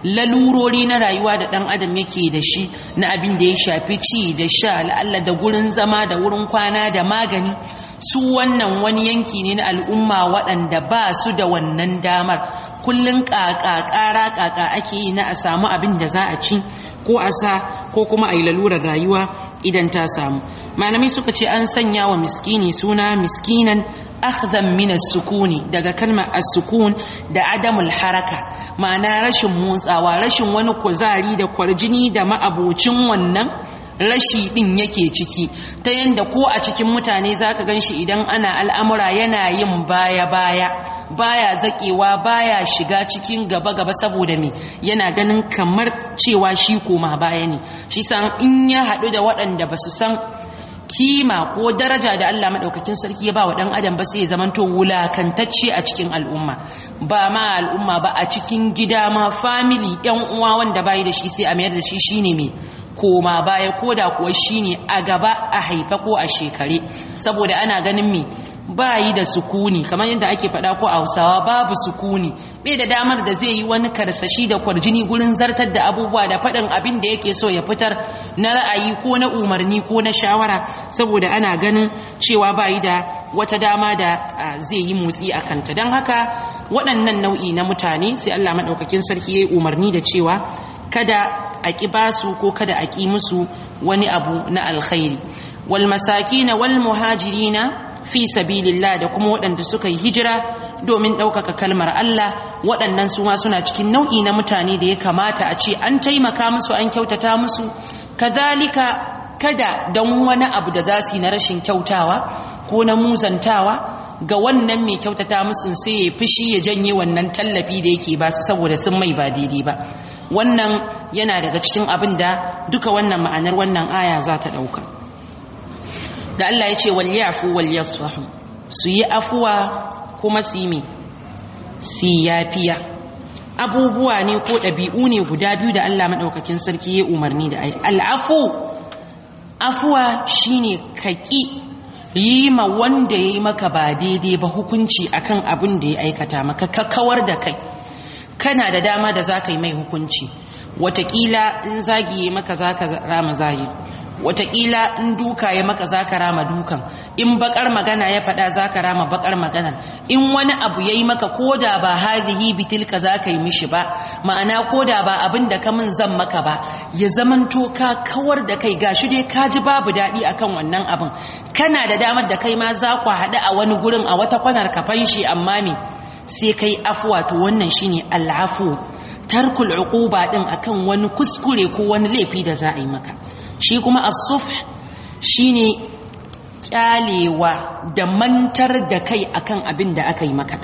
lalurori na rayuwa da ɗan adam yake da shi na abin da ya shafi ci da sha la'alla da gurin zama da wurin kwana da magani su wannan wani yanki ne na al'umma waɗanda ba su da wannan damar kullum ƙaƙa ƙara ƙaƙa ake yi na a samu abin da za a ci ko a sa ko kuma a yi lalura rayuwa idan ta samu malamai suka ce an sanya wa miskini suna miskinan akhzan min as-sukuni daga kalmar as-sukun da adamul haraka ma'ana rashin motsawa rashin wani kuzari da kwarjini da ma'abocin wannan rashi din yake ciki ta yanda ko a cikin mutane zaka ganshi idan ana al'amura yana yin baya baya baya zakewa baya shiga cikin gaba gaba saboda me yana ganin kamar cewa shi koma baya ne shi san in ya haɗu da waɗanda basu san kima ko daraja da Allah maɗaukakin sarki ya ba wa ɗan adam ba sai ya zamanto wulakantacce a cikin al'umma ba ma al'umma ba a cikin gida ma famili ƴan uwa wanda bayi da shi sai a mayar da shi shine me koma baya ko da kuwa shine a gaba a haifa ko a shekare saboda ana ganin me ba yi da sukuni kamar yadda ake faɗa ko a hausawa babu sukuni bai da damar da zai yi wani karsashi da kwarjini gurin zartar da abubuwa da faɗin abin da yake so ya fitar na ra'ayi ko na umarni ko na shawara saboda ana ganin cewa ba yi da wata dama da zai yi motsi a kanta don haka waɗannan nau'i na mutane sai allah maɗaukakin sarki ya yi umarni da cewa kada a ƙi ba su ko kada a ƙi musu wani abu na alkhairi wal masakina wal muhajirina fi sabilillah da kuma waɗanda suka yi hijira domin ɗaukaka kalmar Allah waɗannan su ma suna cikin nau'i na mutane da ya kamata a ce an taimaka musu an kyautata musu kazalika kada don wani abu da za su yi na rashin kyautawa ko na muzantawa ga wannan mai kyautata musu sai ya fushi ya janye wannan tallafi da yake ba su saboda sun mai ba daidai ba wannan yana daga cikin abin da duka wannan ma'anar wannan aya za ta ɗauka da Allah ya ce afu, walyasfahu su yi afuwa kuma su yi su yafiya abubuwa ne ko ɗabi'u ne guda biyu da Allah maɗaukakin sarki ya umarni da ai al'afu afuwa shine kaƙi yi ma wanda ya yi maka ba daidai ba hukunci akan abin da ya aikata maka ka kawar da kai kana da dama da za ka yi mai hukunci Wataƙila in zagi maka za ka rama zagi wataƙila in duka ya maka za ka rama dukan in bakar magana ya faɗa za ka rama bakar magana in wani abu ya yi maka ko da ba hazihi bitilka za ka yi mishi ba ma'ana ko da ba abin da ka min zan maka ba ya zamanto ka kawar da kai gashi dai ka ji babu daɗi akan wannan abin kana da damar da kai ma za ku haɗu a wani gurin a wata kwanar ka fanshi amma me sai kai afuwa to wannan shine al'afu tarkul uquba din akan wani kuskure ko wani laifi da za a yi maka shi kuma asuf shi ne kyalewa da mantar da kai akan abin da aka yi maka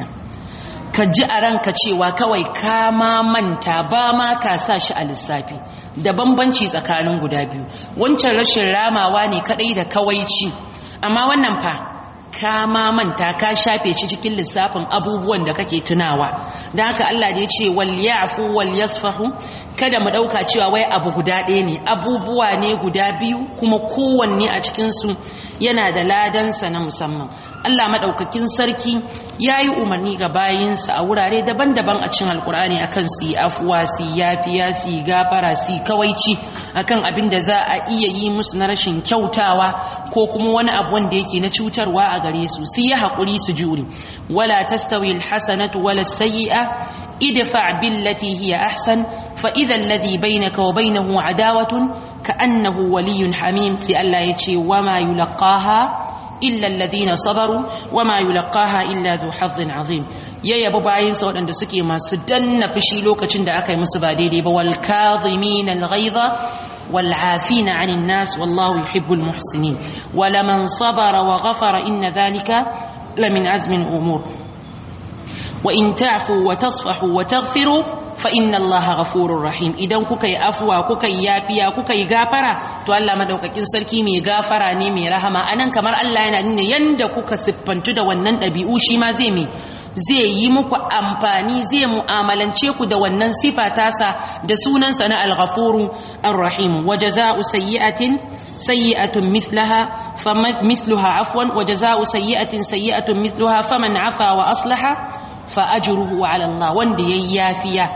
ka ji a ranka cewa kawai ka ma manta ba ma ka sa shi a lissafi da bambanci tsakanin guda biyu wancan rashin ramawa ne kadai da kawai kawaici amma wannan fa ka ma manta ka shafe shi cikin lissafin abubuwan da kake tunawa don haka Allah da ya ce wal ya'fu wal yasfahu kada mu dauka cewa wai abu guda ɗaya ne abubuwa ne guda biyu kuma kowanne a cikin su yana da ladansa na musamman Allah madaukakin sarki yayi umarni ga bayinsa a wurare daban-daban a cikin alkur'ani akan su yi afuwa su yafiya su gafara su kawaici akan abin da za a iya yi musu na rashin kyautawa ko kuma wani abu wanda yake na cutarwa a gare su su yi haƙuri su jure wala tastawi alhasanatu wala sayyi'a idfa billati hiya ahsan fa idha alladhi bainaka wa bainahu adawatun annahu waliyyun hamim sai Allah ya ce wama yulqaha illa alladhina sabaru wama yulqaha illa dhu hazzin azim ya yabi sa waɗanda suke masu danna fushi lokacin da aka yi musu ba daidai ba wal kadhimina al والعافين عن الناس والله يحب المحسنين ولمن صبر وغفر إن ذلك لمن عزم الأمور وإن تعفوا وتصفحوا وتغفروا فإن الله غفور رحيم إذا كوكا يأفوا كوكا يابيا كوكي غافرة تو الله مدوكاكين سركي مي غافرا ني مي رحمة أنا كمر الله ينا يند كوكا سبنتو دا ونن أبيو شي ما زيمي zai yi muku amfani zai mu'amalance ku da wannan sifa tasa da sunansa na al-ghafuru ar-rahim wa jazaa'u sayyi'atin sayyi'atun mithlaha faman mithluha afwan wa jazaa'u sayyi'atin sayyi'atun mithluha faman 'afa wa aslaha fa ajruhu 'ala Allah wanda yayi yafiya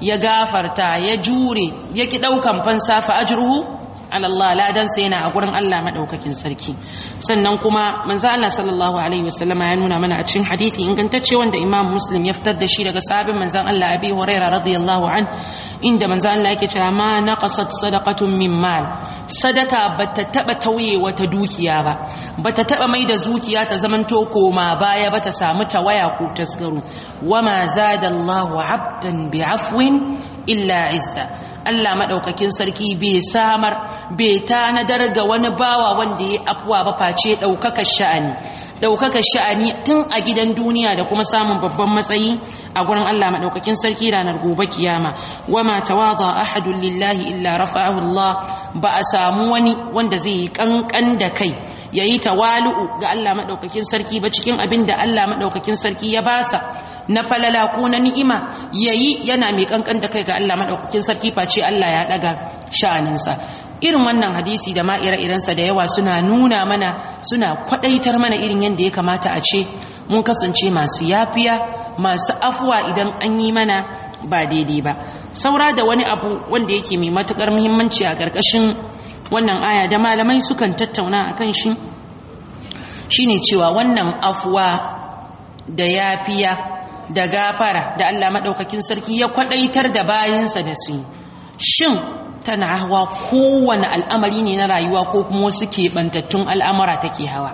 ya gafarta ya jure yaki daukan fansa fa ajruhu alallah ladansa yana a gurin Allah madaukakin sarki sannan kuma manzo Allah sallallahu alaihi wasallama ya nuna mana a cikin hadisi ingantacce wanda Imam Muslim ya fitar da shi daga sahabin manzan Allah Abi Hurairah radiyallahu an inda manzo Allah yake cewa ma naqasat sadaqatun min mal sadaka bata taba tauye wata dukiya ba bata taba mai da zuciya ta zamanto koma baya bata samu tawaya ko tasgaro wama zada Allahu abdan bi afwin illa izza Allah madaukakin sarki bai samar bai tanadar ga wani bawa wanda ya afwa ba face daukaka sha'ani daukaka sha'ani tun a gidan duniya da kuma samun babban matsayi a gurin Allah madaukakin sarki ranar gobe kiyama wama tawada ahadun lillahi illa rafa'ahu Allah ba a samu wani wanda zai yi kankan da kai yayi tawalu'u ga Allah madaukakin sarki ba cikin abin da Allah madaukakin sarki ya basa na falala ko na ni'ima yayi yana mai kankan da kai ga Allah madaukakin sarki face Allah ya daga sha'aninsa irin wannan hadisi da ma ire da yawa suna nuna mana suna kwadaitar mana irin yanda ya kamata a ce mun kasance masu yafiya masu afuwa idan an yi mana ba daidai ba saura da wani abu wanda yake mai matukar muhimmanci a ƙarƙashin wannan aya da malamai sukan tattauna akan shi shine cewa wannan afuwa da yafiya da gafara da Allah maɗaukakin sarki ya kwaɗaitar da bayansa da su shin tana hawa kowane al'amari ne na rayuwa ko kuma wasu keɓantattun al'amura take hawa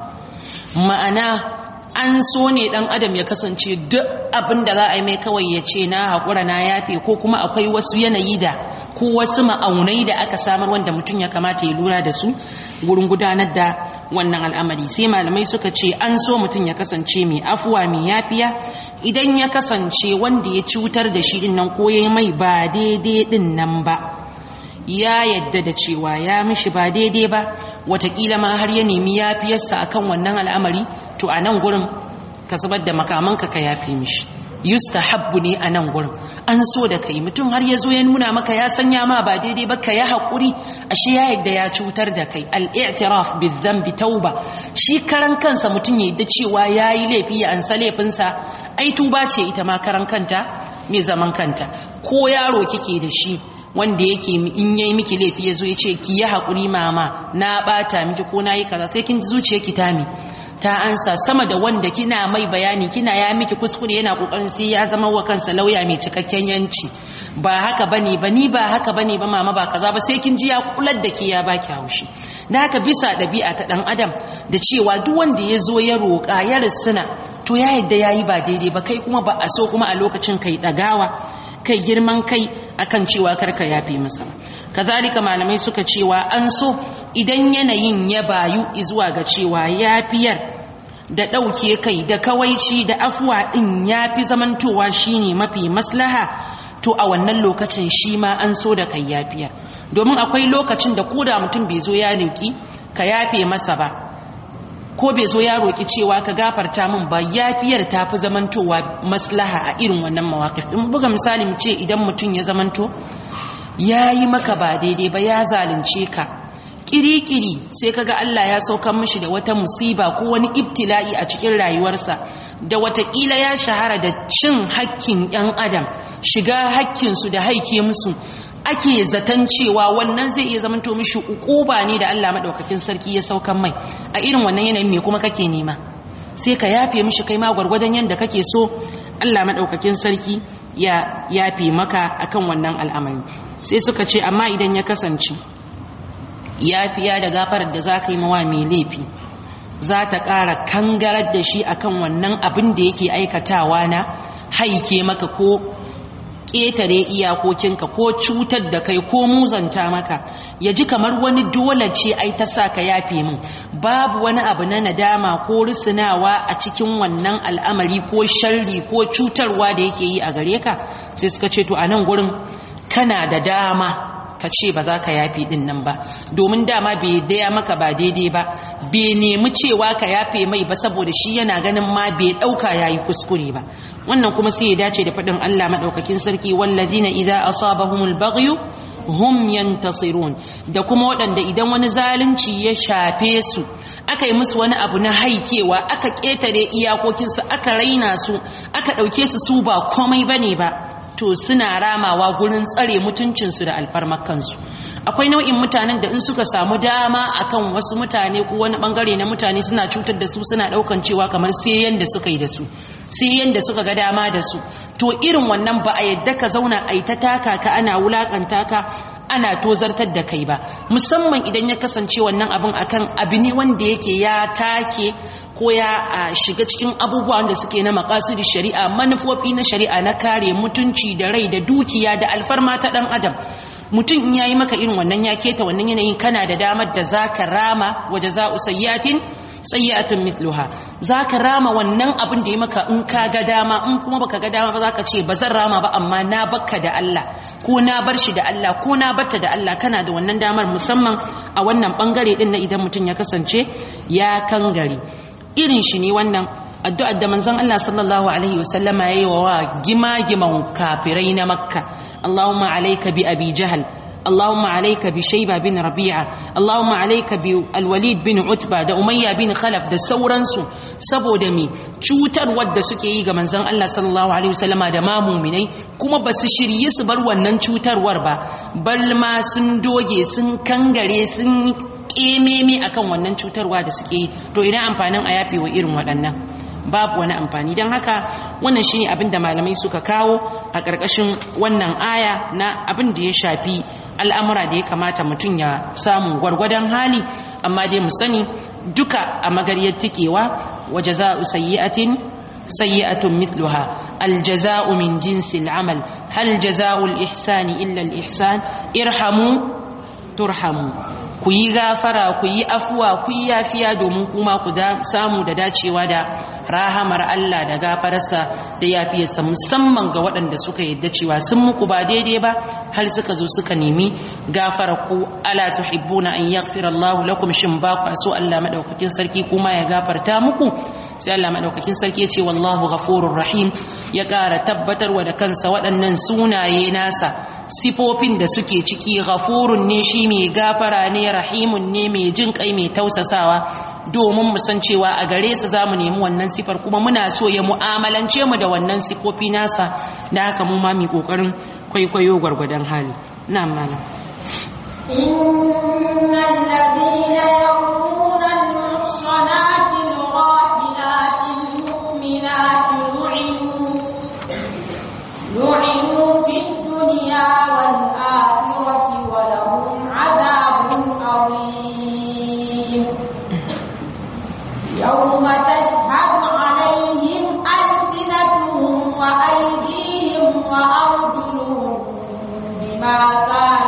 ma'ana an so ne dan adam ya kasance duk abin da za a yi mai kawai ya ce na haƙura na yafe ko kuma akwai wasu yanayi da ko wasu ma'aunai da aka samar wanda mutum ya kamata ya lura da su wurin gudanar da wannan al'amari sai malamai suka ce an so mutum ya kasance mai afuwa mai yafiya idan ya kasance wanda ya cutar da shi din nan ko yi mai ba daidai din nan ba ya yadda da cewa ya mishi ba daidai ba watakila ma har ya nemi yafiyarsa akan wannan al'amari to a nan gurin ka zubar da makamanka ka yafi mishi yustahabbu ne a nan gurin an so da kai mutum har ya zo ya nuna maka ya sanya ma ba daidai ba ka ya haƙuri ashe ya yadda ya cutar da kai al-i'tiraf bi dhanbi tauba shi karan kansa mutum ya yadda cewa yayi laifi ya ansa laifinsa ai tuba ce ita ma karan kanta mai zaman kanta ko yaro kike da shi wanda yake in yayi miki laifi yazo yace ki yi hakuri mama na bata miki ko na yi kaza sai kin ki ta mi ta ansa sama da wanda kina mai bayani kina ya miki kuskure yana kokarin sai ya zama wa kansa lauya mai cikakken yanci ba haka bane ba ni ba haka bane ba mama ba kaza ba sai kin ji ya kular da ke ya baki haushi dan haka bisa dabi'a ta ɗan adam da cewa duk wanda ya zo ya roka ya risina to ya yadda yayi ba daidai ba kai kuma ba a so kuma a lokacin kai ɗagawa kai girman kai akan cewa karka yafe masa kazalika malamai suka cewa an so idan yanayin ya bayu zuwa ga cewa yafiyar da ɗauke kai da kawaici da afuwa din ya fi zamantowa shine mafi maslaha to a wannan lokacin shi ma an so da kai yafiyar domin akwai lokacin da koda mutum bai zo ya ninki ka yafe masa ba ko bai zo ya roƙi cewa ka gafarta min ba yafiyar ta fi zamantowa maslaha a irin wannan mawaƙif ɗin buga misali mu ce idan mutum ya zamanto ya yi maka ba daidai ba ya zalunce ka kirikiri sai kaga Allah ya saukar mishi da wata musiba ko wani ibtila'i a cikin rayuwarsa da watakila ya shahara da cin hakkin 'yan adam shiga hakkin su da haike musu ake zaton cewa wannan zai iya zamanto mishi ukuba ne da Allah madaukakin sarki ya saukan mai a irin wannan yanayin me kuma kake nema sai ka yafe mishi kai ma gwargwadon yanda kake so Allah madaukakin sarki ya yafe maka akan wannan al'amari sai suka ce amma idan ya kasance yafiya da gafarar da za ka yi mawa mai laifi za ta ƙara kangarar da shi akan wannan abin da yake aikatawa na haike maka ko ƙetare iyakokinka ko cutar da kai ko muzanta maka ya ji kamar wani dole ce ai ta sa ka yafe min babu wani abu na nadama ko risinawa a cikin wannan al'amari ko sharri ko cutarwa da yake yi a gare ka sai suka ce to a nan gurin kana da dama ka ce ba za ka yafe din nan ba domin dama bai daya maka ba daidai ba bai nemi cewa ka yafe mai ba saboda shi yana ganin ma bai ɗauka ya yi kuskure ba wannan kuma sai ya dace da faɗin Allah maɗaukakin sarki wallazina idza asabahumul baghyu hum yantasirun da kuma waɗanda idan wani zalunci ya shafe su aka yi musu wani abu na haikewa aka ƙetare iyakokinsu aka raina su aka ɗauke su su ba komai bane ba to suna ramawa gurin tsare mutuncinsu da alfarmakansu akwai nau'in mutanen da in suka samu dama akan wasu mutane ko wani bangare na mutane suna cutar da su suna daukan cewa kamar sai yanda suka yi da su sai yanda suka ga dama da su to irin wannan ba a yadda ka zauna a ta taka ka ana wulakanta ka ana tozartar da kai ba musamman idan ya kasance wannan abin akan abu ne wanda yake ya take ko ya shiga cikin abubuwa wanda suke na makasudin shari'a manufofi na shari'a na kare mutunci da rai da dukiya da alfarma ta dan adam mutum in yayi maka irin wannan ya keta wannan yanayin kana da damar da zaka rama waje za usayyatin sayyi'atun mithluha zaka rama wannan abin da ya maka in ka ga dama in kuma baka ga dama ba zaka ce ba zan rama ba amma na bakka da Allah ko na bar shi da Allah ko na barta da Allah kana da wannan damar musamman a wannan bangare din na idan mutum ya kasance ya kangare irin shi ne wannan addu'ar da manzon Allah sallallahu alaihi wasallama yayi wa gima giman kafirai na makka اللهم عليك بأبي جهل bi Shaiba bin بن ربيعة اللهم bi Alwalid bin عتبة da Umayya bin Khalaf da sauransu saboda mi cutar wadda suke yi ga manzon Allah sallallahu alaihi wasallama da ma mu'minai kuma ba su shirye su bar wannan cutarwar ba bal ma sun doge sun kangare sun kememe akan wannan cutarwa da suke yi to ina amfanin a yafe wa irin waɗannan babu wani amfani don haka wannan shine abin da malamai suka kawo a ƙarƙashin wannan aya na abin da ya shafi al'amura da ya kamata mutum ya samu gwargwadon hali amma dai mu sani duka a magaryar tikewa za a sayyi'atin sayyi'atun mithluha aljaza'u min jinsil amal hal jaza'ul ihsani illa al ihsan irhamu turhamu ku yi gafara ku yi afuwa ku yi yafiya domin kuma ku samu da dacewa da rahamar Allah da gafararsa da yafiyarsa musamman ga waɗanda suka yadda cewa sun muku ba daidai ba har suka zo suka nemi gafara ku ala tuhibbuna an yaghfira Allah lakum shin ba ku so Allah madaukakin sarki kuma ya gafarta muku sai Allah madaukakin sarki ya ce wallahu ghafurur rahim ya ƙara tabbatarwa da kansa waɗannan sunaye nasa sifofin da suke ciki ghafurun ne shi mai gafara ne rahimun ne mai jin kai mai tausasawa domin mu san cewa a gare su za mu nemi wannan sifar kuma muna so ya mu'amalance mu da wannan sifofi nasa da haka mu ma mu kokarin kwaikwayo gwargwadon hali na malam inna alladhina yaquluna يوم تشهد عليهم ألسنتهم وأيديهم وأرجلهم بما كانوا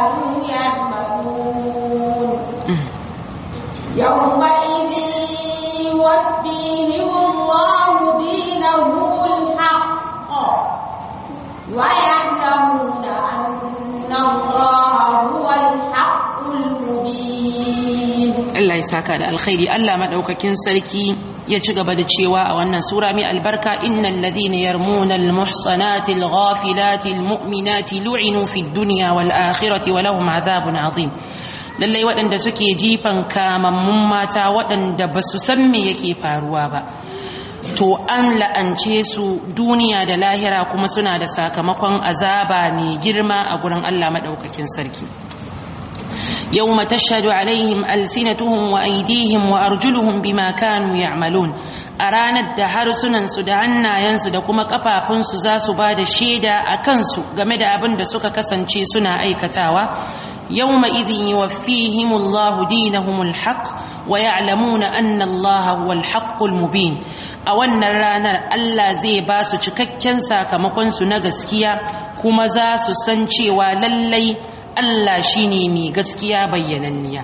saka da alkhairi Allah madaukakin sarki ya ci gaba da cewa a wannan sura mai albarka innal ladhina yarmuna al muhsanati al ghafilati al mu'minati lu'inu fid dunya wal akhirati wa lahum adhabun azim lallai waɗanda suke jifan kamammun mata waɗanda ba su san me yake faruwa ba to an la'ance su duniya da lahira kuma suna da sakamakon azaba mai girma a gurin Allah maɗaukakin sarki alaihim يوم تشهد عليهم ألسنتهم وأيديهم وأرجلهم بما كانوا a ranar da harsunansu da hannayensu da kuma kafafunsu za su ba da shaida a kansu game da abin da suka kasance suna aikatawa yawma idhin yuwaffihimullahu dinahumul haqq wa ya'lamuna anna Allaha huwal haqqul mubin a wannan ranar Allah zai ba su cikakken sakamakonsu na gaskiya kuma za su san cewa lallai Allah shi ne mai gaskiya bayyananniya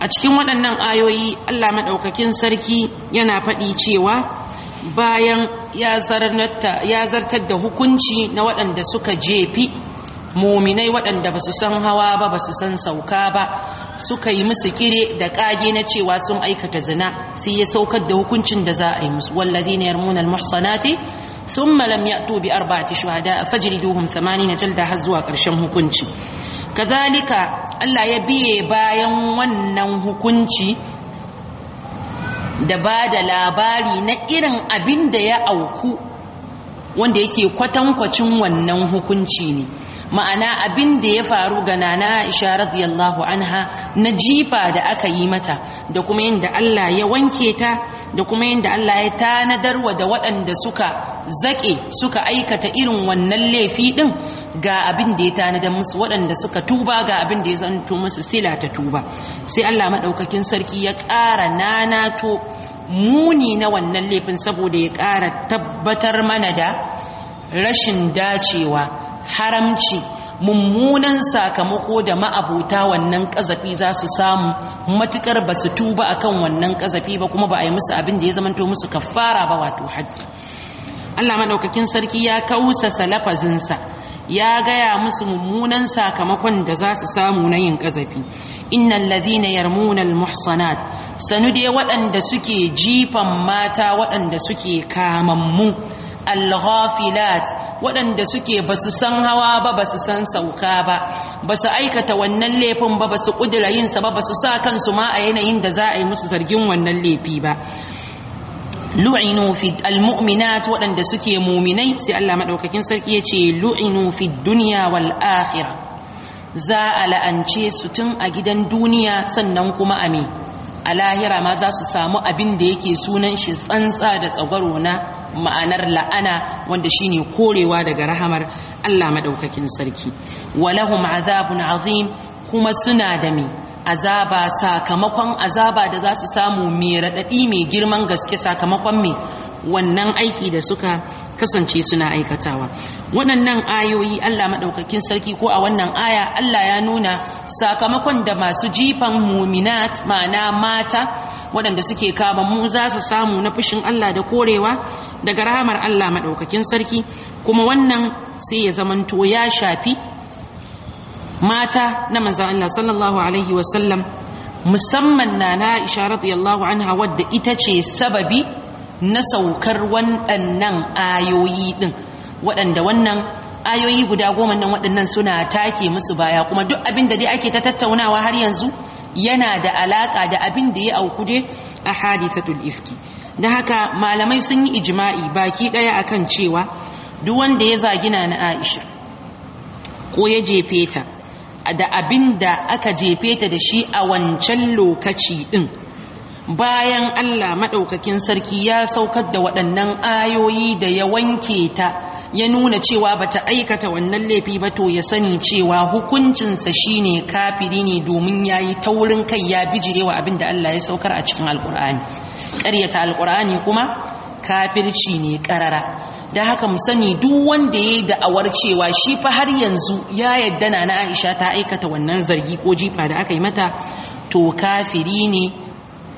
a cikin waɗannan ayoyi Allah maɗaukakin sarki yana faɗi cewa bayan ya zartar da hukunci na waɗanda suka jefi mominai waɗanda ba su san hawa ba ba su san sauka ba suka yi musu kire da ƙage na cewa sun aikata zina sai ya saukar da hukuncin da za a yi musu wallazi na yarmuna muhsanati sun malam ya tobi arba'ati shuhada a fajriduhum 80 jalda har zuwa ƙarshen hukunci kazalika Allah ya biye bayan wannan hukunci da ba da labari na irin abin da ya auku wanda yake kwatankwacin wannan hukunci ne ma'ana abin da ya faru ga nana isha radiyallahu anha na jifa da aka yi mata da kuma yadda Allah ya wanke ta da kuma yadda Allah ya tanadarwa da waɗanda suka zaƙe suka aikata irin wannan laifi ɗin ga abin da ya tanadar musu waɗanda suka tuba ga abin da ya zanto musu sila ta tuba sai Allah maɗaukakin sarki ya ƙara nanato muni na wannan laifin saboda ya ƙara tabbatar mana da rashin dacewa haramci mummunan sakamako da ma'abuta wannan kazafi za su samu matukar ba su tuba kan wannan kazafi ba kuma ba a yi musu abin da ya zamanto musu kafara ba wato haji Allah madaukakin sarki ya kausa lafazinsa ya gaya musu mummunan sakamakon da za su samu na yin kazafi innan lazina yarmuna al muhsanat sanu dai waɗanda suke jifan mata waɗanda suke kamammu al waɗanda suke basu san hawa ba su san sauka ba basu aikata wannan laifin ba basu kudura yin sa ba basu sa kansu ma a yanayin da za a yi musu zargin wannan laifi ba lu'inu fi waɗanda suke muminai sai Allah madaukakin sarki yace lu'inu fi dunya wal akhirah za a la'ance su tun a gidan duniya sannan kuma a me a lahira ma za su samu abin da yake sunan shi tsantsa da tsagwaro na ma'anar la'ana wanda shine korewa daga rahamar Allah madaukakin sarki walahum azabun azim kuma suna da mi azaba sakamakon azaba da za su samu mai raɗaɗi mai girman gaske sakamakon mai wannan aiki da suka kasance suna aikatawa waɗannan ayoyi Allah maɗaukakin sarki ko a wannan aya Allah ya nuna sakamakon da masu jifan muminat ma'ana mata waɗanda suke kama mu za su samu na fushin Allah da korewa daga rahamar Allah maɗaukakin sarki kuma wannan sai ya zamanto ya shafi mata na manzan Allah sallallahu alaihi wasallam musamman na na isha radiyallahu anha wadda ita ce sababi na saukar waɗannan ayoyi ɗin waɗanda wannan ayoyi guda goma nan waɗannan suna take musu baya kuma duk abin da dai ake ta tattaunawa har yanzu yana da alaƙa da abin da ya auku dai a hadithatul ifki da haka malamai sun yi ijima'i baki ɗaya akan cewa duk wanda ya zagina na aisha ko ya jefe ta da abinda aka jefe ta da shi a wancan lokaci din. bayan allah maɗaukakin sarki ya saukar da waɗannan ayoyi da ya wanke ta ya nuna cewa bata aikata wannan laifi ba to ya sani cewa hukuncinsa shine kafiri ne domin yayi taurin kai ya bijirewa abin da allah ya saukar a cikin alkur'ani ƙaryata alƙur'ani kuma kafirci ne ƙarara da haka mu sani duk wanda yayi yi da'awar cewa shi fa har yanzu ya yadda na aisha ta aikata wannan zargi ko jifa da aka yi mata to kafiri ne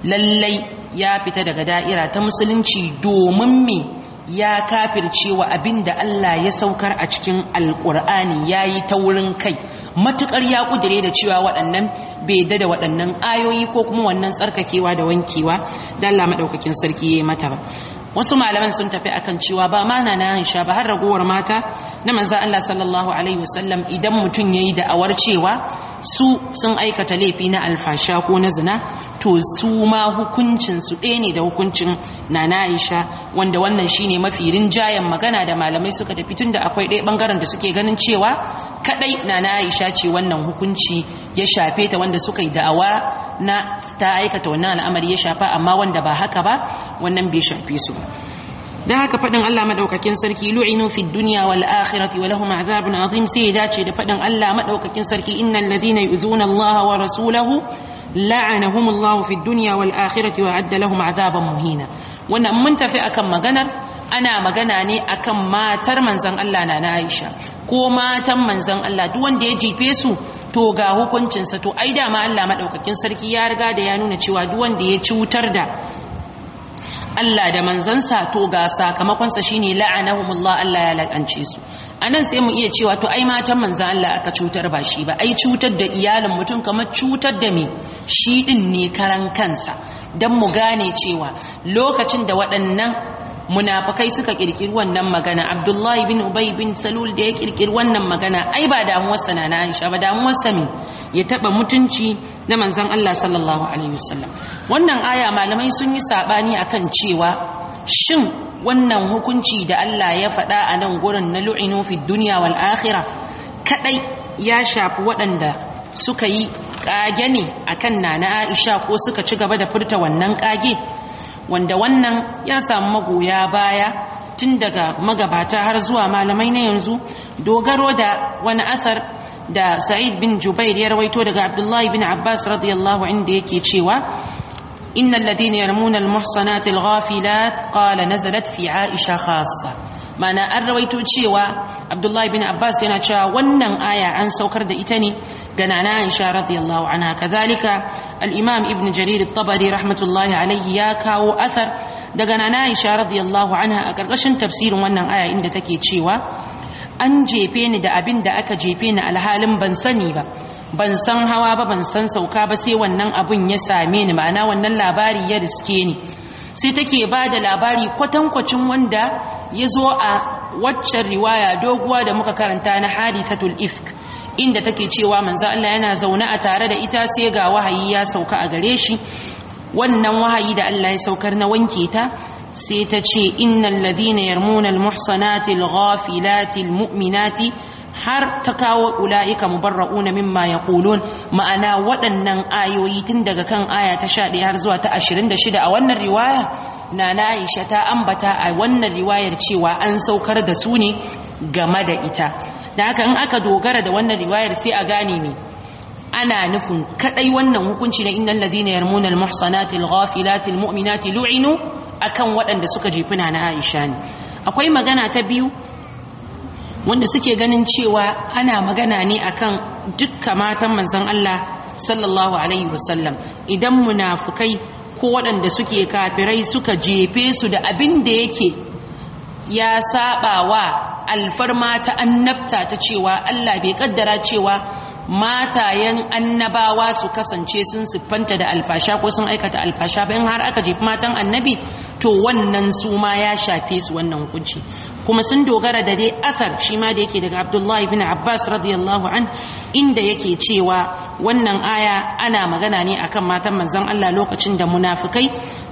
lallai ya fita daga da'ira ta musulunci domin me ya kafircewa da Allah ya saukar a cikin alkur'ani ta wurin kai matuƙar ya ƙudire da cewa waɗannan bai da da waɗannan ayoyi ko kuma wannan tsarkakewa da wankewa da Allah sarki sarki yi mata ba wasu malaman sun tafi akan cewa ba ma na Aisha ba har ragowar mata na manzo Allah sallallahu alaihi wasallam idan mutum yayi da awar cewa su sun aikata laifi na alfasha ko na zina to su ma hukuncin su ɗaya ne da hukuncin na Aisha wanda wannan shine mafi rinjayen magana da malamai suka tafi tun da akwai ɗaya bangaren da suke ganin cewa kadai na Aisha ce wannan hukunci ya shafe ta wanda suka yi da'awa na ta aikata wannan al'amari ya shafa amma wanda ba haka ba wannan bai shafe su ba da haka faɗin Allah madaukakin sarki lu'inu fi dunya wal akhirati wa lahum azabun azim sai ya dace da faɗin Allah madaukakin sarki innal ladhina yu'zuna Allah wa rasulahu la'anahum Allah fi dunya wal akhirati wa adda lahum azaban muhina wannan mun tafi akan maganar ana magana ne akan matar manzon Allah na Aisha ko matan manzon Allah duk wanda ya jife su to ga hukuncinsa to ai dama Allah madaukakin sarki ya riga da ya nuna cewa duk wanda ya cutar da Allah da manzansa to ga sakamakonsa shine la'anahumullah Allah ya la'ance su anan sai mu iya cewa to ai matan manzan Allah aka cutar ba shi ba ai cutar da iyalin mutum kamar cutar da me shi din ne karan kansa dan mu gane cewa lokacin da waɗannan munafakai suka kirkiri wannan magana abdullahi bin ubay bin salul da ya kirkiri wannan magana ai ba damuwarsa na na aisha ba damuwarsa me ya taba mutunci na manzon Allah sallallahu alaihi wasallam wannan aya malamai sun yi sabani akan cewa shin wannan hukunci da Allah ya faɗa a nan gurin na lu'inu fi dunya wal akhirah kadai ya shafi waɗanda suka yi kage ne akan nana Aisha ko suka ci gaba da furta wannan kage wanda wannan ya samu magoya baya tun daga magabata har zuwa malamai na yanzu dogaro da wani asar da sa'id bin jubair ya rawaito daga abdullahi bin abbas radiyallahu inda yake cewa innal ladina yarmuna al-muhsanati al-ghafilat qala nazalat fi aisha khassa mana an rawaito cewa abdullahi bin abbas yana cewa wannan aya an saukar da ita ne ga nana aisha radiyallahu anha kazalika al-imam ibn jarir at-tabari rahmatullahi alayhi ya kawo athar daga nana aisha radiyallahu anha a karkashin tafsirin wannan aya inda take cewa an jefe ni da abin da aka jefe ni alhalin ban sani ba ban san hawa ba ban san sauka ba sai wannan abun ya same ni ma'ana wannan labari ya riske ni sai take ba da labari kwatankwacin wanda ya zo a waccan riwaya doguwa da muka karanta na hadithatul ifk inda take cewa manzo Allah yana zaune a tare da ita sai ga wahayi ya sauka a gare shi wannan wahayi da Allah ya saukar na wanke ta sai ta ce innal ladina yarmunal muhsanatil ghafilatil mu'minati har ta kawo ula'ika mubarra'una mimma yaqulun ma'ana waɗannan ayoyi tun daga kan aya ta ɗaya har zuwa ta shida. a wannan riwaya na Aisha ta ambata a wannan riwayar cewa an saukar da su ne game da ita da haka in aka dogara da wannan riwayar sai a gane ne ana nufin kaɗai wannan hukunci na innal ladina yarmuna almuhsanati alghafilati almu'minati lu'inu akan waɗanda suka jefuna na Aisha ne akwai magana ta biyu wanda suke ganin cewa ana magana ne akan dukkan matan manzon Allah sallallahu alaihi wasallam idan munafukai ko waɗanda suke kafirai suka jefe su da abin da yake ya saba wa alfarma ta annabta ta cewa Allah bai kaddara cewa matayen annabawa su kasance sun siffanta da alfasha ko sun aikata alfasha bayan har aka jefi matan annabi to wannan su ma ya shafe su wannan hukunci kuma sun dogara da dai athar shi ma da yake daga Abdullahi bin Abbas radiyallahu an inda yake cewa wannan aya ana magana ne akan matan manzon Allah lokacin da munafikai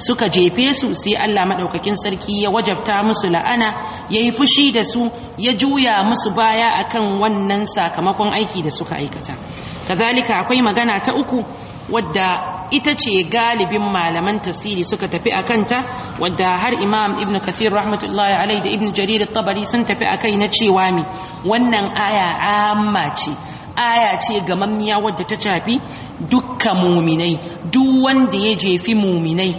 suka jefe su sai Allah madaukakin sarki ya wajabta musu la'ana ya yi fushi da su ya juya musu baya akan wannan sakamakon aiki da suka aikata kazalika akwai magana ta uku wadda ita ce galibin malaman tasiri suka tafi a kanta wadda har imam ibn kasir rahmatullahi alai da ibn jarir tabari sun tafi a kai na cewa mi wannan aya amma ce aya ce gamammiya wadda ta shafi dukka muminai duk wanda ya jefi muminai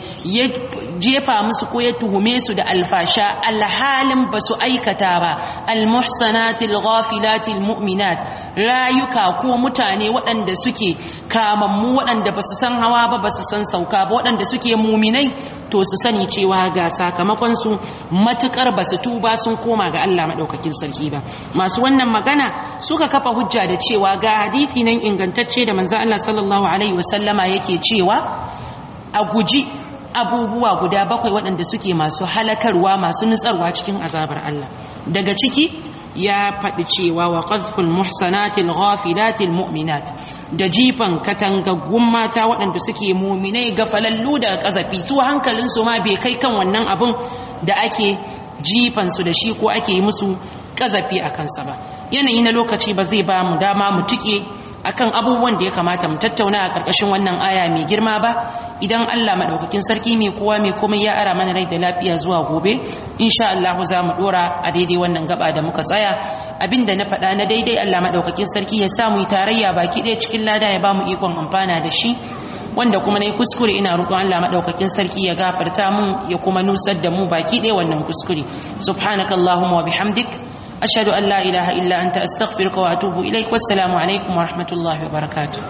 jefa musu ko ya tuhume su da alfasha alhalin ba su aikata ba almuhsanatil ghafilatil mu'minat rayuka ko mutane waɗanda suke kamammu waɗanda ba su san hawa ba ba su san sauka ba waɗanda suke muminai to su sani cewa ga sakamakon su matukar ba su tuba sun koma ga Allah madaukakin sarki ba masu wannan magana suka kafa hujja da cewa ga hadisi nan ingantacce da manzo Allah sallallahu alaihi wasallama yake cewa a guji abubuwa guda bakwai waɗanda suke masu halakarwa masu nutsarwa cikin azabar Allah daga ciki ya faɗi cewa wa qazful muhsanatil ghafilatil mu'minat da jifan katangaggun mata waɗanda suke muminai gafalallu da ƙazafi, su hankalin su ma bai kai kan wannan abun da ake jifan su da shi ko ake musu kazafi a kansa ba yanayi na lokaci ba zai ba mu dama mu tuke akan abubuwan da ya kamata mu tattauna a karkashin wannan aya mai girma ba idan Allah maɗaukakin sarki mai kowa mai komai ya ara mana rai da lafiya zuwa gobe insha Allah za mu dora a daidai wannan gaba da muka tsaya abinda na faɗa na daidai Allah maɗaukakin sarki ya sa mu yi tarayya baki ɗaya cikin lada ya ba mu ikon amfana da shi wanda kuma nayi kuskure ina roƙon Allah madaukakin sarki ya gafarta mu ya kuma nusar da mu baki ɗaya wannan kuskure subhanakallahumma wa bihamdik أشهد أن لا إله إلا أنت أستغفرك وأتوب إليك والسلام عليكم ورحمة الله وبركاته